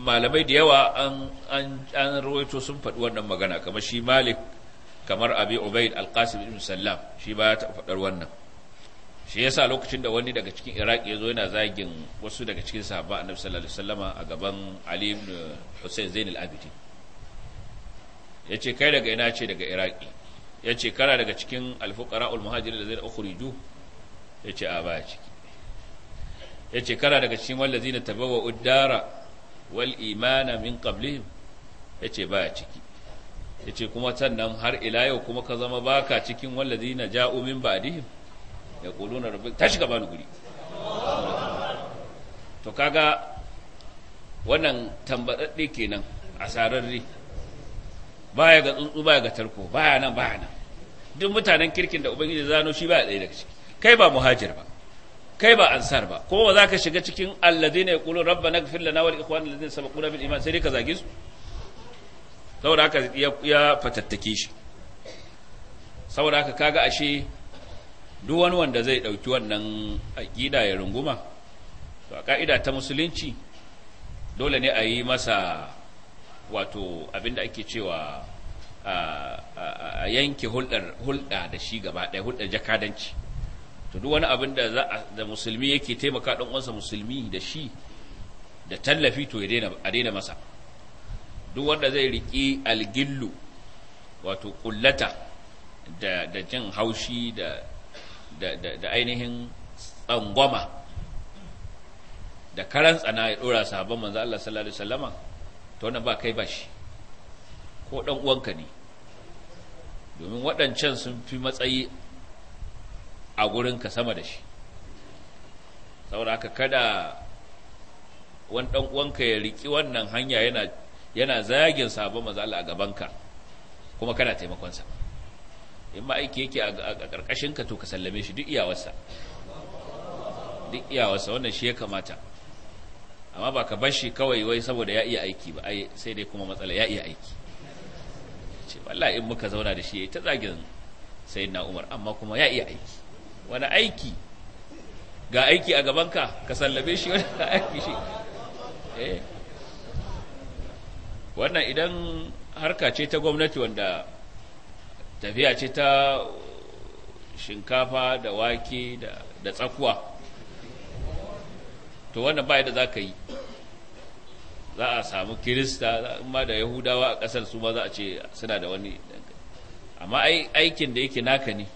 malamai da yawa an an an rawaito sun faɗi wannan magana kamar shi malik kamar abi ubaid alqasim ibn sallam shi ba ya faɗar wannan shi yasa lokacin da wani daga cikin iraq ya zo yana zagin wasu daga cikin sahaba annabi sallallahu alaihi wasallama a gaban ali ibn husayn zain al abidi yace kai daga ina ce daga iraq yace kana daga cikin al-fuqara al-muhajirin da zai ukhriju yace a ba ciki yace kana daga cikin wallazina tabawa uddara wal imana min qablihim yace baya ciki yace kuma sannan har ila yau kuma ka zama baka cikin na ja'u min ba'dihim yaquluna rabbi tashi gaba ni guri to kaga wannan tambadadde kenan a sararri baya ga tsuntsu baya ga tarko baya nan baya nan duk mutanen kirkin da ubangiji zano shi baya ɗaya daga ciki kai ba muhajir ba kai ba ansar ba ko za ka shiga cikin kulu rabba na ighfir lana wal ikhwana alladhina sabaquna bil iman sai dai ka zage su saboda haka ya fatattake shi saboda haka kaga ashe duk wani wanda zai dauki wannan aqida ya runguma to a ka'ida ta musulunci dole ne a yi masa wato abinda ake cewa a yanke hulɗa da shi gaba ɗaya hulɗar jakadanci to duk wani abin da da musulmi yake taimaka dan uwansa musulmi da shi da tallafi to ya daina a daina masa duk wanda zai riki algillu wato kullata da da jin haushi da da da ainihin tsangwama da karan tsana ya dora sahabban manzo Allah sallallahu alaihi wasallama to wannan ba kai bashi. ko dan uwanka ne domin waɗancan sun fi matsayi a ka sama da shi saboda haka kada wani ɗan uwanka ya riki wannan hanya yana yana zagin sabon maza Allah a gabanka kuma kana taimakon sa in ma aiki yake a karkashin ka to ka sallame shi duk iyawarsa duk iyawarsa wannan shi ya kamata amma ba ka bar kawai wai saboda ya iya aiki ba ai sai dai kuma matsala ya iya aiki ce wallahi in muka zauna da shi yayi ta zagin sayyidina Umar amma kuma ya iya aiki wani aiki ga aiki a gabanka ka sallabe shi wani aiki shi eh. wannan idan harka ce ta gwamnati wanda tafiya ce ta shinkafa da wake da tsakuwa to wannan ba da za ka yi za a samu kirista ma da yahudawa a ƙasar su ma za a ce suna da wani amma aikin da yake naka ne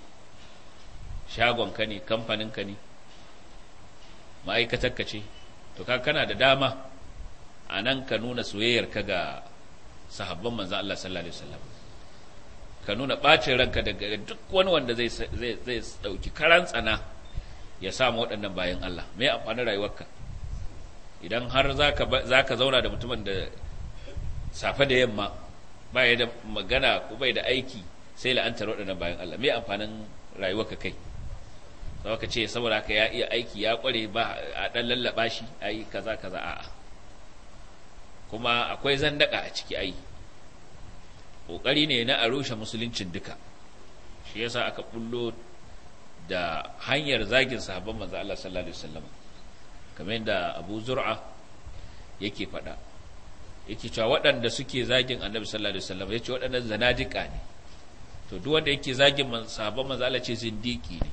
shagon ka ne kamfanin ka ne ma'aikatar ka ce to ka kana da dama a nan ka nuna soyayyarka ga sahabban manzo Allah sallallahu alaihi wasallam ka nuna bacin ranka daga duk wani wanda zai zai dauki karan tsana ya samu waɗannan bayan Allah me amfanin rayuwarka idan har zaka zaka zauna da mutumin da safe da yamma baya da magana ko bai da aiki sai la'antar waɗannan bayan Allah me amfanin ka kai sau ka ce saboda ka ya iya aiki ya kware ba a ɗan lallaba shi a yi kaza kaza a'a kuma akwai zandaka a ciki ai ƙoƙari ne na a rushe musuluncin duka shi yasa aka bullo da hanyar zagin sahabban manzo Allah sallallahu alaihi wasallam kamar yadda Abu Zur'a yake faɗa yake cewa waɗanda suke zagin Annabi sallallahu alaihi wasallam yace waɗannan zanadika ne to duk wanda yake zagin sahabban manzo Allah ce zindiki ne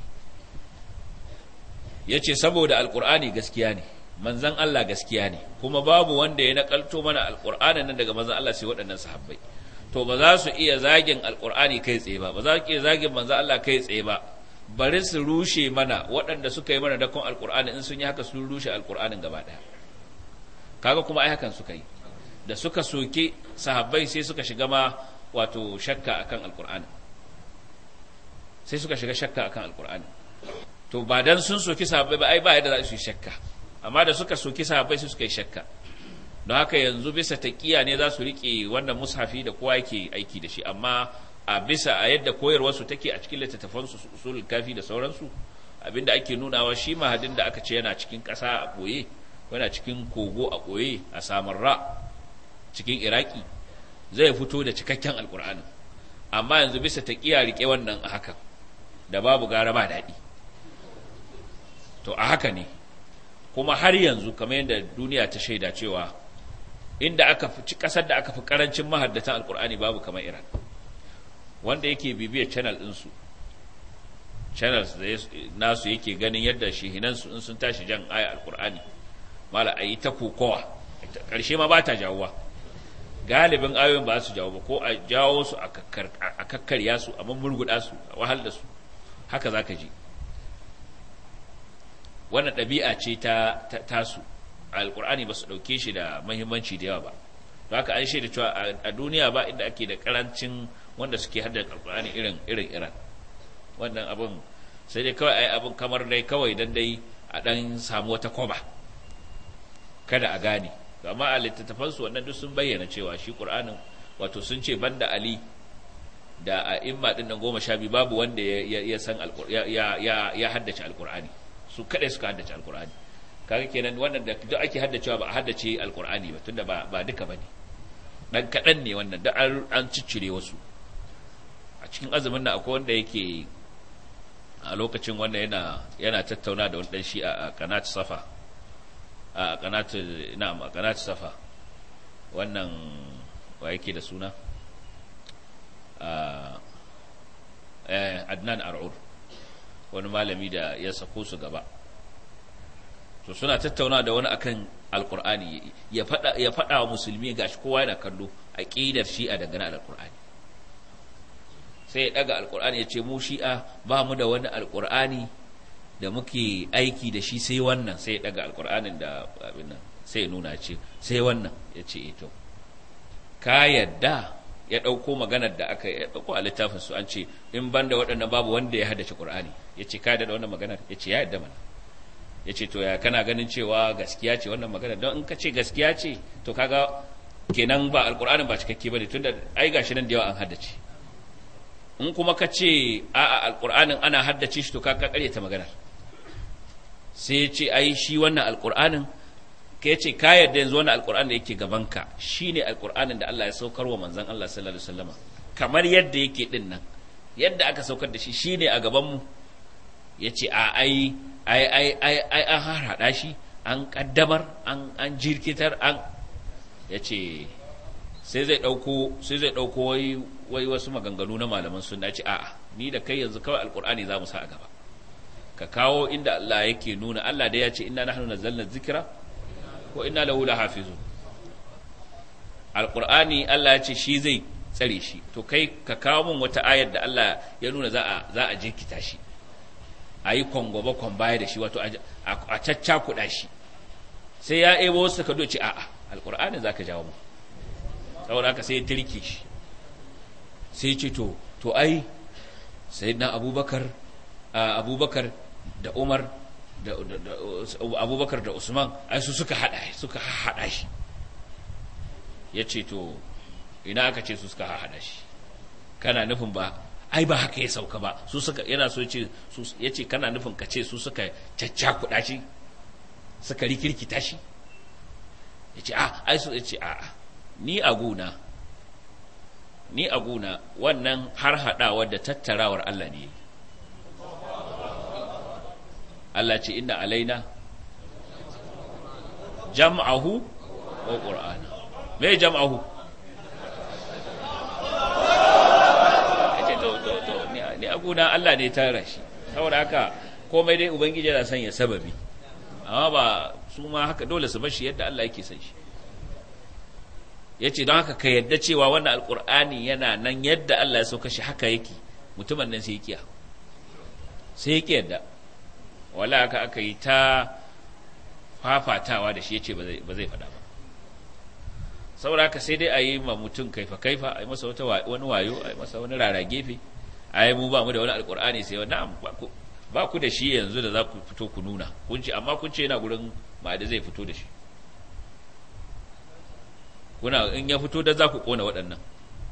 yace saboda alkurani gaskiya ne manzan Allah gaskiya ne kuma babu wanda ya nakalto mana alkurani nan daga manzan Allah sai waɗannan sahabbai to ba za su iya zagin alkur'ani kai tsaye ba ba za su iya zagin manzan Allah kai tsaye ba bari su rushe mana waɗanda suka yi mana dakon alkur'ani in sun yi haka sun rushe alkur'anin gaba ɗaya kaga kuma ai hakan suka yi da suka soke sahabbai sai suka shiga ma wato shakka akan alkur'ani sai suka shiga shakka akan alkur'ani to ba dan sun soki sahabbai ba ai ba yadda za su yi shakka amma da suka soki sahabbai su suka yi shakka don haka yanzu bisa taqiya ne za su rike wannan mushafi da kowa yake aiki da shi amma a bisa a yadda koyarwar su take a cikin littattafan su usul kafi da sauransu abinda ake nunawa shi mahadin da aka ce yana cikin ƙasa a koye yana cikin kogo a ɓoye a samarra cikin iraki zai fito da cikakken alkur'ani amma yanzu bisa taqiya rike wannan a hakan da babu gara ba daɗi to a haka ne kuma har yanzu kamar yadda duniya ta shaida cewa inda aka fi kasar da aka fi karancin mahaddatan alkur'ani babu kamar iran wanda yake bibiyar channel ɗinsu channels da nasu yake ganin yadda shihinansu in sun tashi jan aya alkur'ani mala a yi ta kokowa ƙarshe ma ba ta jawuwa galibin ayoyin ba su jawo ba ko a jawo su a kakkarya su a mummurguɗa su a wahal da su haka za ka ji wannan ɗabi'a ce ta tasu alkur'ani ba su ɗauke shi da mahimmanci da yawa ba to haka an shaida cewa a duniya ba inda ake da karancin wanda suke haddasa alkur'ani irin irin iran wannan abin sai dai kawai ai abin kamar dai kawai dan dai a dan samu wata kwaba kada a gane amma a littattafansu wannan duk sun bayyana cewa shi qur'anin wato sun ce banda ali da a'imma din nan goma sha biyu babu wanda ya san ya haddace alkur'ani su kadai suka haddace alkur'ani kaga kenan wannan da duk ake haddacewa ba a haddace alkur'ani ba tunda ba ba duka bane dan kadan ne wannan da an ciccire wasu a cikin azumin nan akwai wanda yake a lokacin wannan yana yana tattauna da wani dan shi a kanat safa a kanat na'am a kanat safa wannan wa yake da suna a eh, Adnan Ar'ur wani malami da ya sako su gaba to suna tattauna da wani akan alkur'ani ya faɗa ya wa musulmi gashi kowa yana kallo aqidar shi'a dangane na alkur'ani sai ya daga alkur'ani ya ce mu shi'a ba mu da wani alkur'ani da muke aiki da shi sai wannan sai ya daga alkur'anin da abin nan sai ya nuna ce sai wannan ya ce ito eh ka yadda ya ɗauko maganar da aka ya ɗauko a littafin su an ce in banda waɗannan babu wanda ya haddace qur'ani yace ka da wannan maganar yace ya yadda mana yace to ya kana ganin cewa gaskiya ce wannan maganar don in ka ce gaskiya ce to kaga kenan ba alqur'anin ba cikakke ne tunda ai gashi nan da yawa an haddace in kuma ka ce a'a alqur'anin ana haddace shi to ka ka ta maganar sai ya ce ai shi wannan alqur'anin ka ce ka yadda yanzu wannan alqur'ani da yake gabanka ne alqur'anin da Allah ya saukar wa manzon Allah sallallahu alaihi wasallama kamar yadda yake din nan yadda aka saukar da shi shi ne a gaban mu ya ce a ai ai ai ai ai an harhaɗa shi an ƙaddamar an jirkitar an ya ce sai zai ɗauko sai zai ɗauko wai wasu maganganu na malaman sunna ce a'a ni da kai yanzu kawai alƙur'ani za mu sa a gaba ka kawo inda Allah yake nuna Allah da ya ce inna nahnu nazzalna dhikra wa inna lahu lahafizun alƙur'ani Allah ya ce shi zai tsare shi to kai ka kawo min wata ayar da Allah ya nuna za a za a shi a yi kwangoba kwan baya da shi wato a cacca kuɗa shi sai ya ebo wasu ka ce a'a alƙur'anin za ka jawo mu saboda haka sai ya tirke shi sai ce to to ai na abubakar abubakar da umar da abubakar da usman ai su suka shi suka haɗa shi ya ce to ina aka ce su suka haɗa shi kana nufin ba ai ba haka ya sauka ba su suka yana so ce ya ce kana nufin ka ce su suka caccakuɗa shi suka rikirkita shi ya ce ah ai su ya ce ah ni a guna ni a guna wannan har haɗawa da tattarawar Allah ne Allah ce inna alaina jam'ahu wa qur'ana me jam'ahu a Allah ne tara shi saboda haka komai dai ubangiji yana son ya sababi amma ba su ma haka dole su bashi yadda Allah yake son shi yace don haka ka yadda cewa wannan Alƙur'ani yana nan yadda Allah ya sauka shi haka yake mutumin nan sai ya kiya yadda wala haka aka yi ta fafatawa da shi ya ce ba zai faɗa ba saboda haka sai dai a yi ma mutum kaifa kaifa a yi masa wani wayo a yi masa wani rara gefe ai mu ba mu da wani alkur'ani sai wannan ba ku da shi yanzu da za ku fito ku nuna kun ce amma kun ce yana gurin ma'adi zai fito da shi kuna in ya fito da za ku kona waɗannan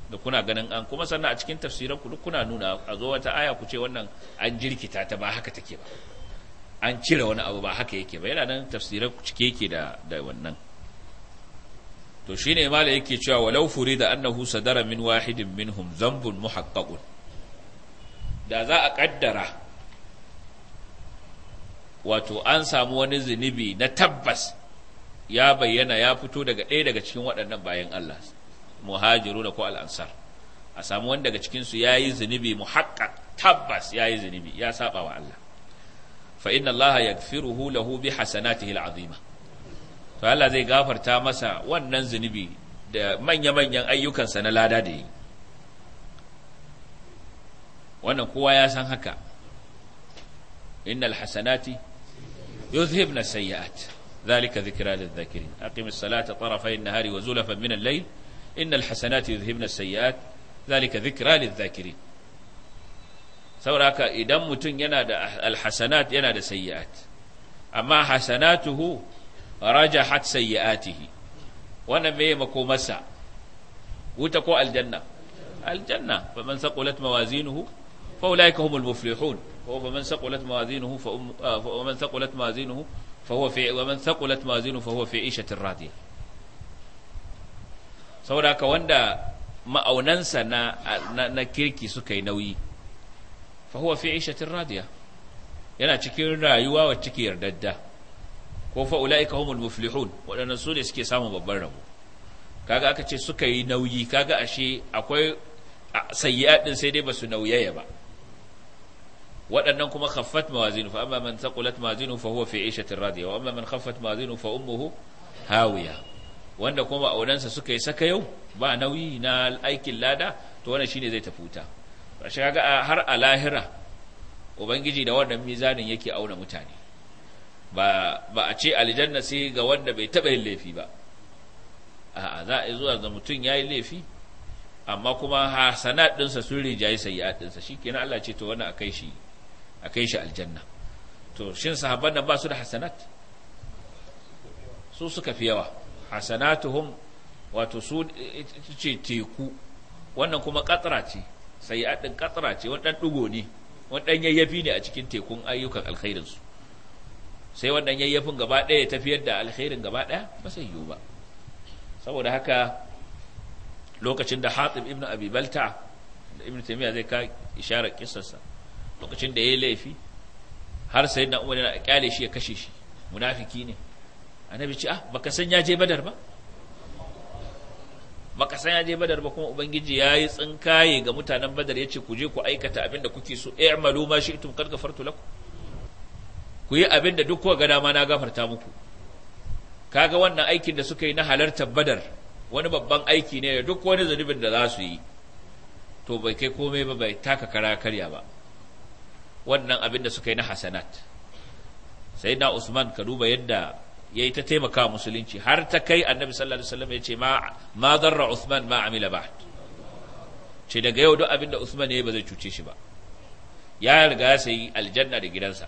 da kuna ganin an kuma sannan a cikin tafsiran ku duk kuna nuna a zo wata aya ku ce wannan an jirkita ta ba haka take ba an cire wani abu ba haka yake ba yana nan tafsirar ku cike yake da da wannan to shine mala yake cewa walau furida annahu sadara min wahidin minhum zambun muhaqqaqun da za a ƙaddara wato an samu wani zunubi na tabbas ya bayyana ya fito daga ɗaya daga cikin waɗannan bayan Allah muhajiru da ko al'ansar a samu wani daga cikinsu ya yi zunubi muhakkak tabbas ya yi zunubi ya saba wa Allah fa inna Allah ya firuhu lahu bi hasanatihi al'azima to Allah zai gafarta masa wannan zunubi da manya-manyan ayyukansa na lada da yi wannan kowa ya san haka innal hasanati yuzhibna sayyi'at dhikra lil dhakirin aqimis salata tarafay an-nahari wa zulafan min al-layl innal hasanati yuzhibna sayyi'at dhikra lil dhakirin sauraka idan mutum yana da alhasanat yana da sayyi'at amma hasanatuhu rajahat sayyi'atihi wannan wuta ko aljanna aljanna faman saqulat mawazinuhu fa ulaika humul muflihun wa man saqulat mawazinuhu fa wa man saqulat fa huwa fi wa man saqulat mawazinuhu fa huwa fi ishatir radiya wanda ma'aunansa na kirki suka yi nauyi fa huwa fi yana cikin rayuwa wacce yardadda ko fa ulaika humul muflihun wadannan su ne suke samun babban rabo kaga aka ce suka yi nauyi kaga ashe akwai sayyi'at din sai dai basu nauyaya ba waɗannan kuma khaffat mawazinu fa amma man thaqulat mawazinu fa huwa fi 'ishatin radiya wa amma man khaffat mawazinu fa ummuhu hawiya wanda kuma audansa suka yi saka yau ba nauyi na aikin lada to wannan shine zai tafi wuta shi kaga har a lahira ubangiji da wannan mizanin yake auna mutane ba ba a ce aljanna sai ga wanda bai taba yin laifi ba a'a za a zuwa ga mutum yayi laifi amma kuma hasanat dinsa sun ya sayyi'at dinsa shikenan Allah ce to wannan akai shi a kai shi aljanna to shin sahabban nan ba su da hasanat su suka fi yawa hasanatuhum wato su ce teku wannan kuma katsara ce sai ɗin katsara ce wani ɗan ne wani ɗan yayyafi ne a cikin tekun ayyukan su sai wannan yayyafin gaba ɗaya ya tafiyar da alkhairin gaba ɗaya ba sai yiwu ba saboda haka lokacin da hatib ibn abi balta da ibn taymiya zai ka isharar kissarsa lokacin da ya yi laifi har sai na umar yana kyale shi ya kashe shi munafiki ne annabi ce ah baka san ya je badar ba baka san ya je badar ba kuma ubangiji ya yi tsinkaye ga mutanen badar ya ce ku je ku aikata abin da kuke so i'malu ma shi'tum kad gafartu lakum ku yi abin da duk ga dama na gafarta muku kaga wannan aikin da suka yi na halartar badar wani babban aiki ne duk wani zunubin da za su yi to bai kai komai ba bai taka kara karya ba wannan abin da suka yi na hasanat sai na usman ka duba yadda ya yi ta taimaka musulunci har ta kai annabi sallallahu alaihi wasallam ya ce ma zarra usman ma amila ba ce daga yau duk abin da usman ya yi ba zai cuce shi ba ya riga ya sayi aljanna da gidansa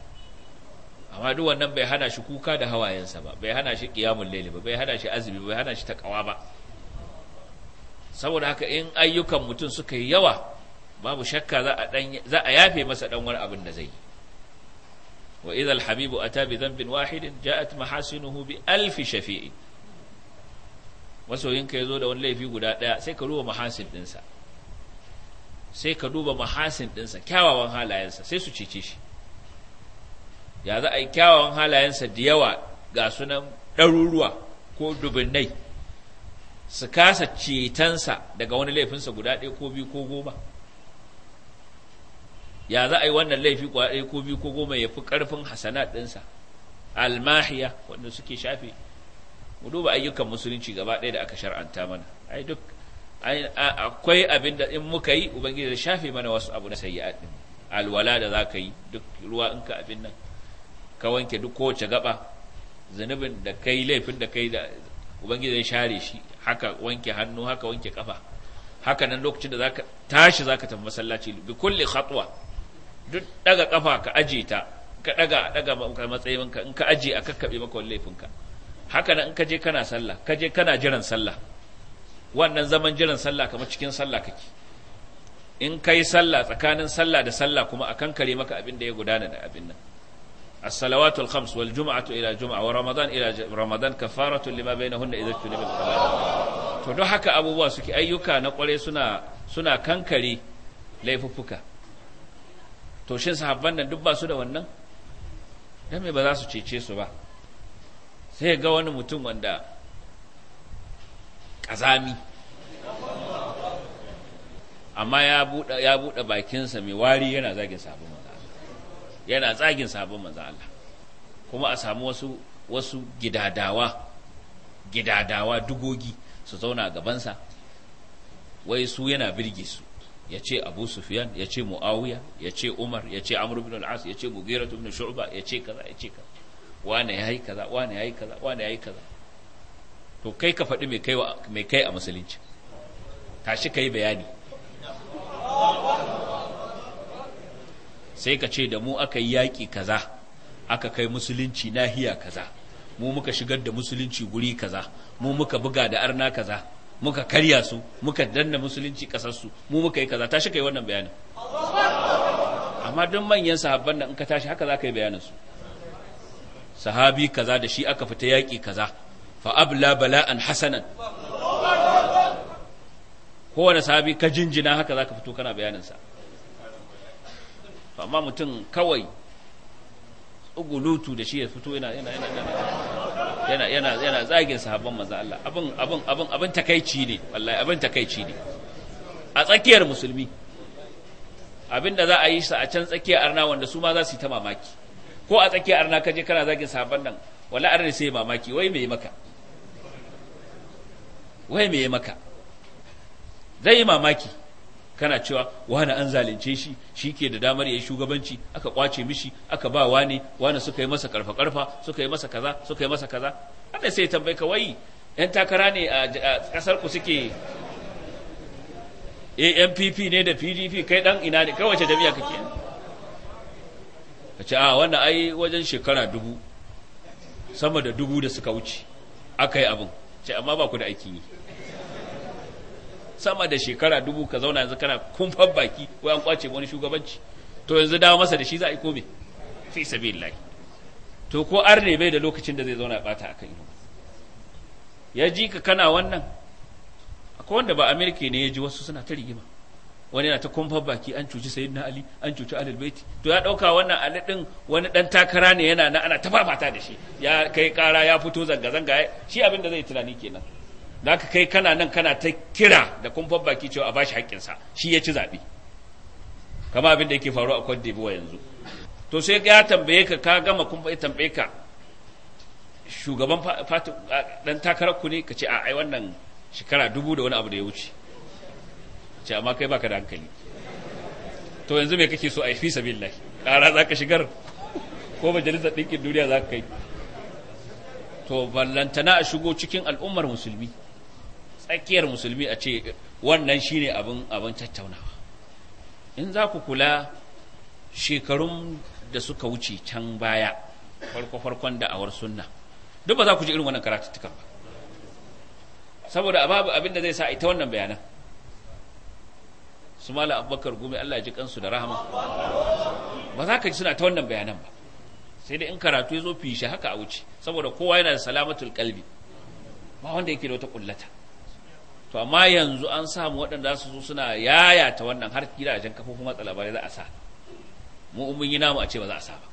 amma duk wannan bai hana shi kuka da hawayensa ba bai hana shi qiyamul layli ba bai hana shi azumi ba bai hana shi takawa ba saboda haka in ayyukan mutum suka yi yawa babu shakka za a yafe masa dan wani abin da zai yi wa al habibu ata bi dhanbin wahidin ja'at mahasinuhu bi alfi shafi'i masoyinka yazo da wani laifi guda daya sai ka ruwa mahasin dinsa sai ka duba mahasin ɗinsa kyawawan halayensa sai su cece shi ya za a yi kyawawan halayensa da yawa ga sunan ɗaruruwa ko dubinnai su kasa cetansa daga wani laifinsa guda ɗaya ko biyu ko goma ya za a yi wannan laifi kwa ko biyu ko goma ya fi ƙarfin hasanat ɗinsa almahiya wanda suke shafe mu duba ayyukan musulunci gaba ɗaya da aka shar'anta mana ai duk akwai abin da in muka yi ubangiji da shafe mana wasu abu na sayyi'at ɗin alwala da za ka yi duk ruwa in ka abin nan ka wanke duk kowace gaba zunubin da kai laifin da kai da ubangiji ya share shi haka wanke hannu haka wanke kafa haka nan lokacin da za ka. tashi za ka tafi masallaci bi kulli khatwa duk daga kafa ka aje ta ka daga daga matsayin ka in ka aje a kakkabe maka wani laifin ka haka nan in ka je kana sallah ka je kana jiran sallah wannan zaman jiran sallah kamar cikin sallah kake in kai sallah tsakanin sallah da sallah kuma akan kare maka abin da ya gudana da abin nan الصلوات الخمس والجمعة إلى جمعة ورمضان إلى رمضان كفارة لما بينهن إذا اجتنب الكبائر to duk haka abubuwa suke ayyuka na kware suna suna kankare laifuffuka to shin sahabban nan duk ba su da wannan dan me ba za su cece su ba sai ga wani mutum wanda kazami amma ya buɗe bakinsa mai wari yana zagin sabon manzo Allah yana zagin sabon manzo Allah kuma a samu wasu wasu gidadawa gidadawa dugogi su zauna gabansa wai su yana birge su ya ce abu sufyan ya ce muawiya ya ce umar ya ce amur bin al'as ya ce mughira ibn shu'ba ya ce kaza ya ce kaza wane yi kaza wane yi kaza wane yi kaza to kai ka faɗi mai kai mai kai a musulunci tashi kai bayani sai ka ce da mu aka yi yaƙi kaza aka kai musulunci nahiya kaza mu muka shigar da musulunci guri kaza mu muka buga da arna kaza muka karya su muka danna musulunci kasarsu mu muka yi kaza tashi kai wannan bayanin amma duk manyan sahabban da in ka tashi haka za ka yi bayanin su sahabi kaza da shi aka fita yaƙi kaza fa abla bala'an hasanan kowane sahabi ka jinjina haka za ka fito kana bayaninsa amma mutum kawai ugulutu da shi ya fito yana yana yana yana yana yana zagin sahabban manzon Allah abin abin abin abin takaici ne wallahi abin takaici ne a tsakiyar musulmi abinda za a yi sa a can tsakiyar arna wanda su ma za su yi ta mamaki ko a tsakiyar arna kaje kana zagin sahabban nan wala arna sai mamaki wai me maka wai me maka zai yi mamaki kana cewa wani an zalunce shi shi ke da damar yayi shugabanci aka kwace mishi aka ba wani wani suka yi masa karfa karfa suka yi masa kaza suka yi masa kaza Allah sai tambaye ka wai yan takara ne a kasar ku suke AMPP eh, ne da PDP kai dan ina ne kai wace jami'a kake kace a wannan ai wajen shekara dubu sama da dubu da suka wuce aka yi abin ce amma ba ku da aikin yi sama da shekara dubu ka zauna yanzu kana kumfan baki ko an kwace wani shugabanci to yanzu dawo masa da shi za a yi kome fi sabilillah to ko arne bai da lokacin da zai zauna bata akan yi ya ji ka kana wannan akwai wanda ba amerika ne ya ji wasu suna ta rigima wani yana ta kumfan baki an cuci sayyidina ali an cuci alil baiti to ya dauka wannan ali din wani dan takara ne yana na ana ta da shi ya kai kara ya fito zanga zanga shi abin da zai tunani kenan za ka kai kana nan kana ta kira da kumfan baki cewa a bashi haƙƙinsa shi ya ci zaɓe kama abin da yake faru a kwan debuwa yanzu to sai ya tambaye ka ka gama kumfa ya tambaye ka shugaban dan takarar ku ne ka ce a ai wannan shekara dubu da wani abu da ya wuce ce amma kai baka da hankali to yanzu me kake so a yi fi sabilillah ƙara za ka shigar ko majalisar ɗinkin duniya za ka kai to ballantana a shigo cikin al'ummar musulmi tsakiyar musulmi a ce wannan shine abin abin tattaunawa in za ku kula shekarun da suka wuce can baya farko farkon da'awar sunna duk ba za ku ji irin wannan karatuttukan ba saboda babu abin da zai sa ita wannan bayanan su mala abubakar gumi Allah ji kansu da rahama ba za ka ji suna ta wannan bayanan ba sai dai in karatu ya zo fi haka a wuce saboda kowa yana da salamatul kalbi ba wanda yake da wata kullata to amma yanzu an samu waɗanda su zo suna yayata wannan har gidajen kafofin watsa labarai za a sa mu mun yi namu a ce ba za a sa ba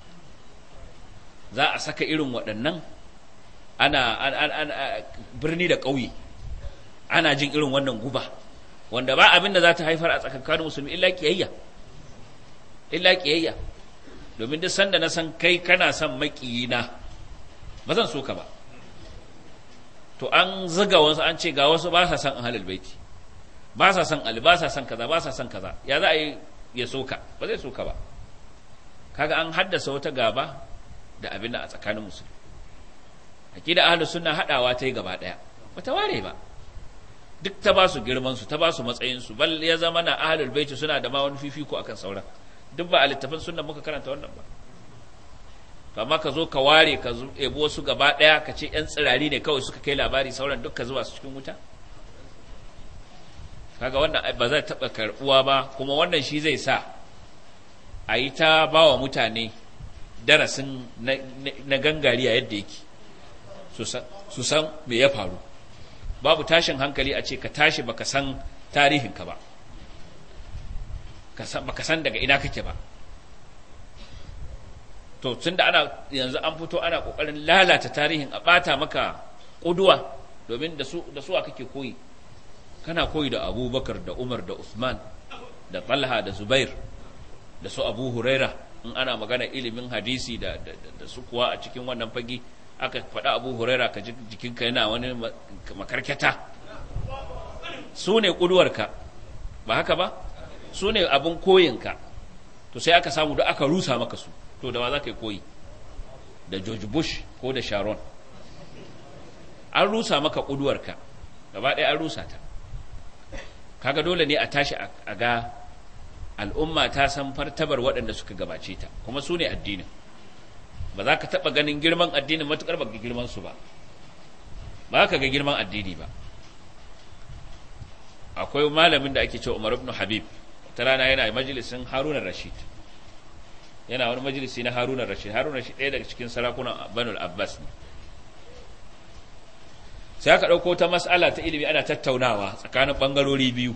za a saka irin waɗannan ana birni da ƙauye ana jin irin wannan guba wanda ba abin da za ta haifar a tsakankanin musulmi illa kiyayya illa kiyayya domin duk sanda na san kai kana son maƙiyina ba zan so ka ba to an zuga wasu an ce ga wasu ba sa san ahlul baiti ba sa san ali ba sa san kaza ba sa san kaza ya za a yi ya soka ba zai soka ba kaga an haddasa wata gaba da abin da a tsakanin musulmi aqida ahlus sunna hadawa ta yi gaba daya bata ware ba duk ta ba su girman su ta ba su matsayin su bal ya zama na ahlul baiti suna da ma wani fifiko akan sauran duk ba a littafin sunna muka karanta wannan ba amma ka zo ka ware ka ebo wasu gaba ɗaya ka ce ‘yan tsirari ne kawai suka kai labari sauran duk ka zuba su cikin wuta kaga wannan ba zai taɓa karɓuwa ba kuma wannan shi zai sa a yi ta ba wa mutane darasin na gangariya yadda yake su san me ya faru babu tashin hankali a ce ka tashi baka san tarihinka ba ba ka san daga ina kake ba to tun da ana yanzu an fito ana kokarin lalata tarihin a bata maka kuduwa domin da su da suwa kake koyi kana koyi da abubakar da umar da usman da talha da zubair da su abu huraira in ana magana ilimin hadisi da, da, su kuwa a cikin wannan fagi aka faɗa abu huraira ka jikinka yana wani makarkata su ne ka, ba haka ba su ne abin koyinka to sai aka samu da aka rusa maka su to da wa za ka yi koyi da george bush ko da sharon an rusa maka ƙuduwarka gaba ɗaya an rusa ta kaga dole ne a tashi a ga al'umma ta san fartabar waɗanda suka gabace ta kuma su ne addinin ba za ka taɓa ganin girman addinin matuƙar ba girman su ba ba ka ga girman addini ba akwai malamin da ake ce umar ibn habib ta rana yana majalisin haruna rashid yana wani majalisi na haruna rashid haruna shi ɗaya daga cikin sarakunan banul abbas ne sai aka ɗauko ta mas'ala ta ilimi ana tattaunawa tsakanin ɓangarori biyu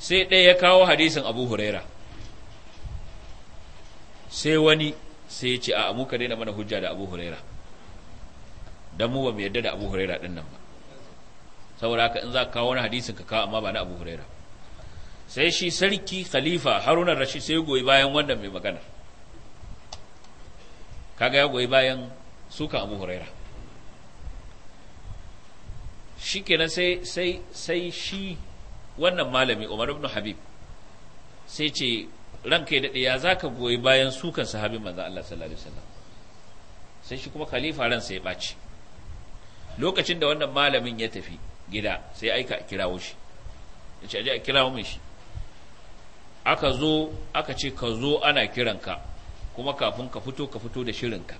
sai ɗaya ya kawo hadisin abu huraira sai wani sai ya ce a mu ka daina mana hujja da abu huraira don mu ba mu yarda da abu huraira ɗin ba saboda haka in za ka kawo wani hadisin ka kawo amma ba na abu huraira sai shi sarki khalifa haruna rashid sai goyi bayan wannan mai magana kaga ya goyi bayan suka abu huraira shi kenan sai sai sai shi wannan malami umar ibn habib sai ce ranka ya daɗe ya za ka goyi bayan sukan sahabin manzo Allah sallallahu alaihi wasallam sai shi kuma khalifa sai ya baci lokacin da wannan malamin ya tafi gida sai aika a kirawo shi ya ce a kirawo mai shi aka zo aka ce ka zo ana kiranka kuma kafin ka fito ka fito da shirinka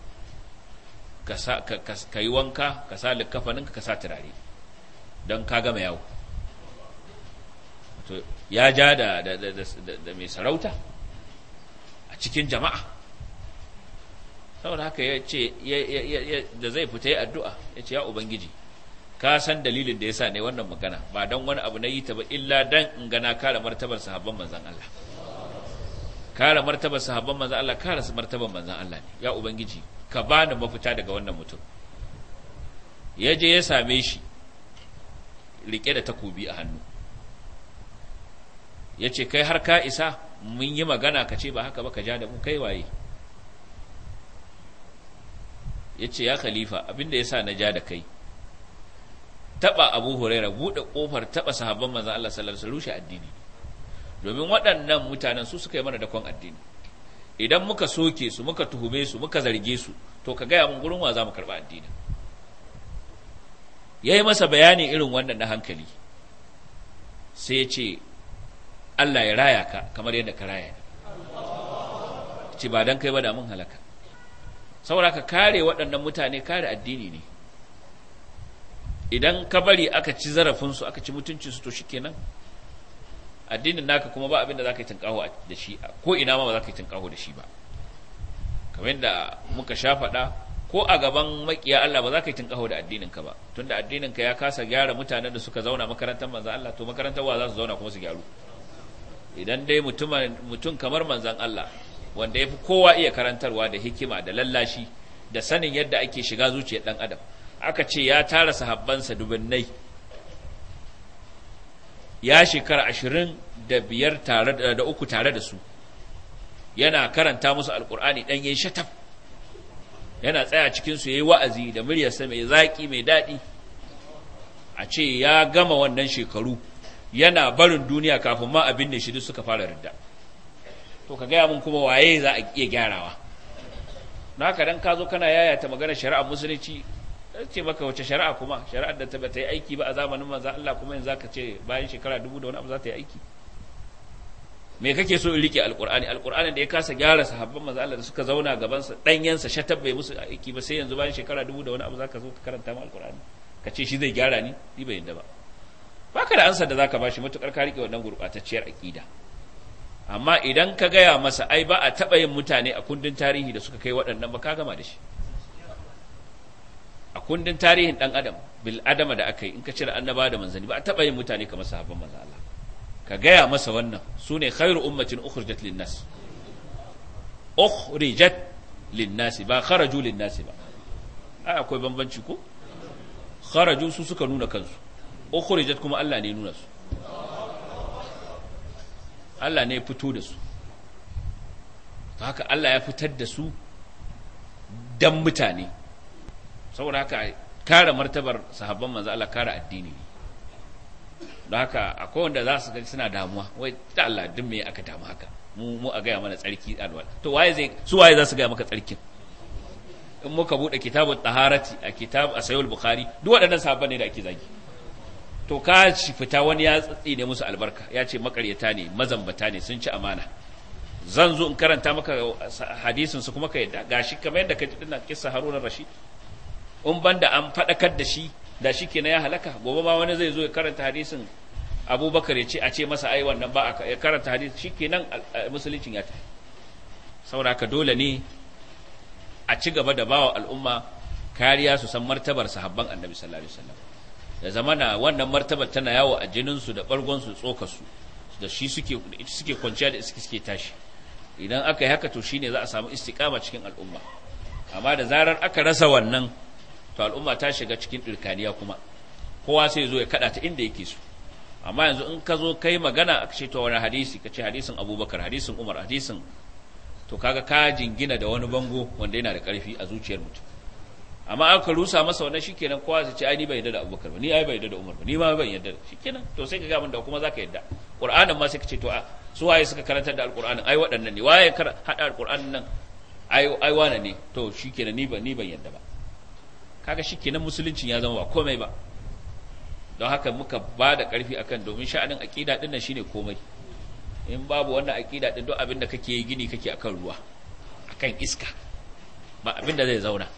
ka yi wanka ka sa likafaninka ka sa turare don ka gama yawo ya ja da, mai sarauta a cikin jama'a saboda haka ya ce da zai fita yi addu'a ya ce ya ubangiji ka san dalilin da yasa ne wannan magana ba don wani abu na yi ta ba illa dan in gana kare martabar sahabban manzon Allah kare martabar sahabban manzon Allah kare martabar manzon Allah ne ya ubangiji ka bani mafita daga wannan mutum ya je ya same shi rike da takobi a hannu ya ce kai har ka isa mun yi magana ka ce ba haka ba ka ja da mu kai waye ya ce ya khalifa abinda ya sa na ja da kai taba abu huraira buɗe kofar taɓa sahabban manzan Allah sallallahu alaihi rushe addini domin waɗannan mutanen su suka yi mana dakon addini idan muka soke su muka tuhume su muka zarge su to ka gaya mun gurin wa za mu karɓa addini ya yi masa bayani irin wannan na hankali sai ya ce Allah ya raya ka kamar yadda ka raya ce ba don kai ba da mun halaka saboda ka kare waɗannan mutane kare addini ne idan ka bari aka ci zarafinsu aka ci mutuncinsu to shi kenan addinin naka kuma ba abin da za ka yi tunƙaho da shi ko ina ma ba za ka yi tunƙaho da shi ba kamar yadda muka sha faɗa ko a gaban makiya Allah ba za ka yi tunƙaho da addinin ka ba tunda addinin ka ya kasa gyara mutanen da suka zauna makarantar manzan Allah to makarantar wa za su zauna kuma su gyaru idan dai mutum kamar manzan Allah wanda ya fi kowa iya karantarwa da hikima da lallashi da sanin yadda ake shiga zuciyar ɗan adam aka ce ya tara sahabbansa dubinnai ya shekara ashirin da biyar tare da uku tare da su yana karanta musu alkur'ani ɗan yayi shataf, yana tsaya cikinsu, ya yi wa'azi da muryarsa mai zaƙi mai daɗi a ce ya gama wannan shekaru yana barin duniya kafin ma abin da shi suka fara ridda to ka gaya mun kuma waye za a iya gyarawa na haka dan ka zo kana yayata maganar shari'ar musulunci ce maka wace shari'a kuma shari'ar da ta yi aiki ba a zamanin manzo Allah kuma yanzu zaka ce bayan shekara dubu da wani abu za ta yi aiki me kake so in rike alqur'ani alqur'ani da ya kasa gyara sahabban manzo Allah da suka zauna gaban sa danyen sa shatab bai musu aiki ba sai yanzu bayan shekara dubu da wani abu zaka zo ka karanta mu alqur'ani ka ce shi zai gyara ni ni bai yinda ba baka da ansa da zaka bashi matukar ka rike wannan gurbatacciyar aqida amma idan ka gaya masa ai ba a taɓa yin mutane a kundin tarihi da suka kai waɗannan ba ka gama da shi a kundin tarihin dan adam bil adama da aka yi in ka cire annaba da manzanni ba a taba yin mutane kamar sahabban manzo Allah ka gaya masa wannan su ne khairu ummatin ukhrijat lin nas ukhrijat lin nas ba kharaju lin nas ba ai akwai bambanci ko kharaju su suka nuna kansu ukhrijat kuma Allah ne nuna su Allah ne ya fito da su haka Allah ya fitar da su dan mutane saboda haka kare martabar sahabban manzo Allah kare addini don haka akwai wanda za su gani suna damuwa wai da Allah duk me aka damu haka mu mu a gaya mana tsarki alwal to waye zai su waye za su gaya maka tsarkin in muka bude kitabut taharati a kitab a sayyid bukhari duk waɗannan sahabban ne da ake zagi to ka fita wani ya tsatsi ne musu albarka ya ce makaryata ne mazambata ne sun ci amana zan zo in karanta maka hadisin su kuma ka yadda gashi kamar yadda ka ji dinnan kissa haruna rashid in da an faɗakar da shi da shi kenan ya halaka gobe ma wani zai zo ya karanta hadisin abubakar ya ce a ce masa ai wannan ba a ya karanta hadisin shi kenan musuluncin ya tafi sauraka dole ne a ci gaba da bawa al'umma kariya su san martabar sahabban annabi sallallahu alaihi wasallam da zamana wannan martabar tana yawo a jinin su da bargon su tsoka su da shi suke suke kwanciya da suke suke tashi idan aka yi haka to shine za a samu istiqama cikin al'umma amma da zarar aka rasa wannan to al'umma ta shiga cikin ɗirkaniya kuma kowa sai zo ya kaɗa ta inda yake so amma yanzu in ka zo kai magana a ce to wani hadisi ka ce hadisin abubakar hadisin umar hadisin to kaga ka jingina da wani bango wanda yana da ƙarfi a zuciyar mutum amma aka rusa masa wannan shikenan kowa zai ce ai ni bai yarda da Abubakar ba ni ai bai yarda da Umar ba ni ma bai yarda da shikenan to sai ka ga da kuma zaka yadda Qur'anin ma sai ka ce to a su waye suka karanta da al ai waɗannan ne waye kar hada al nan ai ai wane ne to shikenan ni ba ni ban yarda ba kaga kenan musuluncin ya zama ba komai ba don haka muka ba da ƙarfi akan domin sha'anin aƙida ɗin nan shine komai in babu wannan aƙida ɗin duk abin kake yi gini kake akan ruwa akan iska ba abin zai zauna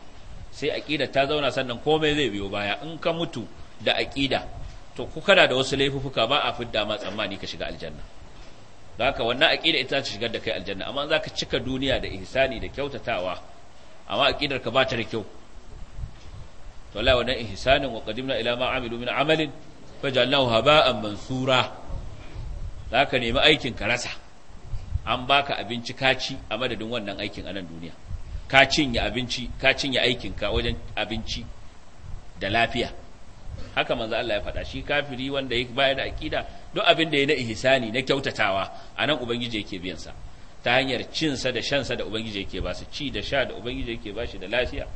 sai aƙida ta zauna sannan komai zai biyo baya in ka mutu da aƙida to ku kana da wasu laifuffuka ba a fidda ma tsammani ka shiga aljanna don haka wannan aƙida ita ta shigar da kai aljanna amma za ka cika duniya da ihsani da kyautatawa amma aƙidar ka ba ta da kyau wa wannan ihsanin wa qadimna ila ma amilu min amalin fajalnahu haba'an mansura zaka nemi aikin ka rasa an baka abinci kaci a madadin wannan aikin a nan duniya ka cinye abinci ka cinye aikin ka wajen abinci da lafiya haka manzo Allah ya faɗa shi kafiri wanda yake bayar da akida duk abin da ya na ihsani na kyautatawa anan ubangiji yake biyan sa ta hanyar cin sa da shan sa da ubangiji yake ba su ci da sha da ubangiji yake ba shi da lafiya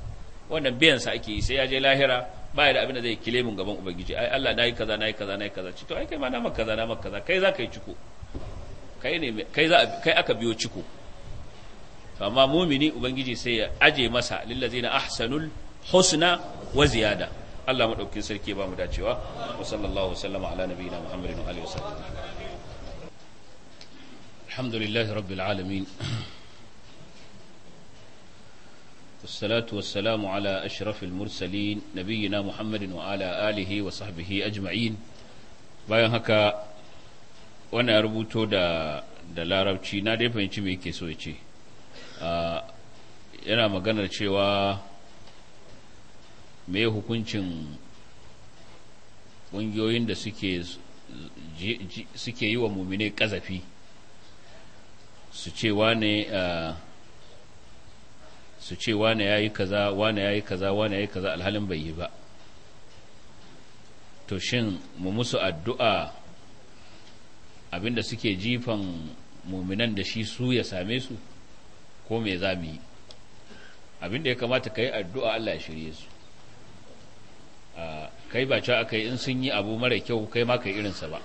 wannan biyansa ake yi sai ya je lahira ba da abin da zai kile mun gaban ubangiji ai Allah nayi kaza nayi kaza nayi kaza ci to ai kai ma na maka kaza na maka kaza kai za ka yi ciko kai ne kai za kai aka biyo ciko to amma mumini ubangiji sai ya aje masa lillazina ahsanul husna wa ziyada Allah madaukin sarki ba mu dacewa wa sallallahu wasallama ala nabiyina muhammadin wa alihi wasallam alhamdulillahi rabbil alamin والصلاة والسلام على أشرف المرسلين نبينا محمد وعلى آله وصحبه أجمعين bayan haka wani ya rubuto da da larabci na dai fahimci me yake so ya ce yana maganar cewa me hukuncin ƙungiyoyin da suke yi wa mumine ƙazafi su ce wane su ce wane yi kaza wane yi kaza wane yi kaza alhalin bai yi ba to shin mu musu addu'a abinda suke jifan muminan da shi su ya same su ko me za mu yi abinda ya kamata ka yi addu'a Allah ya shirye su kai ba cewa aka yi in sun yi abu mara kyau kai ma kai irinsa ba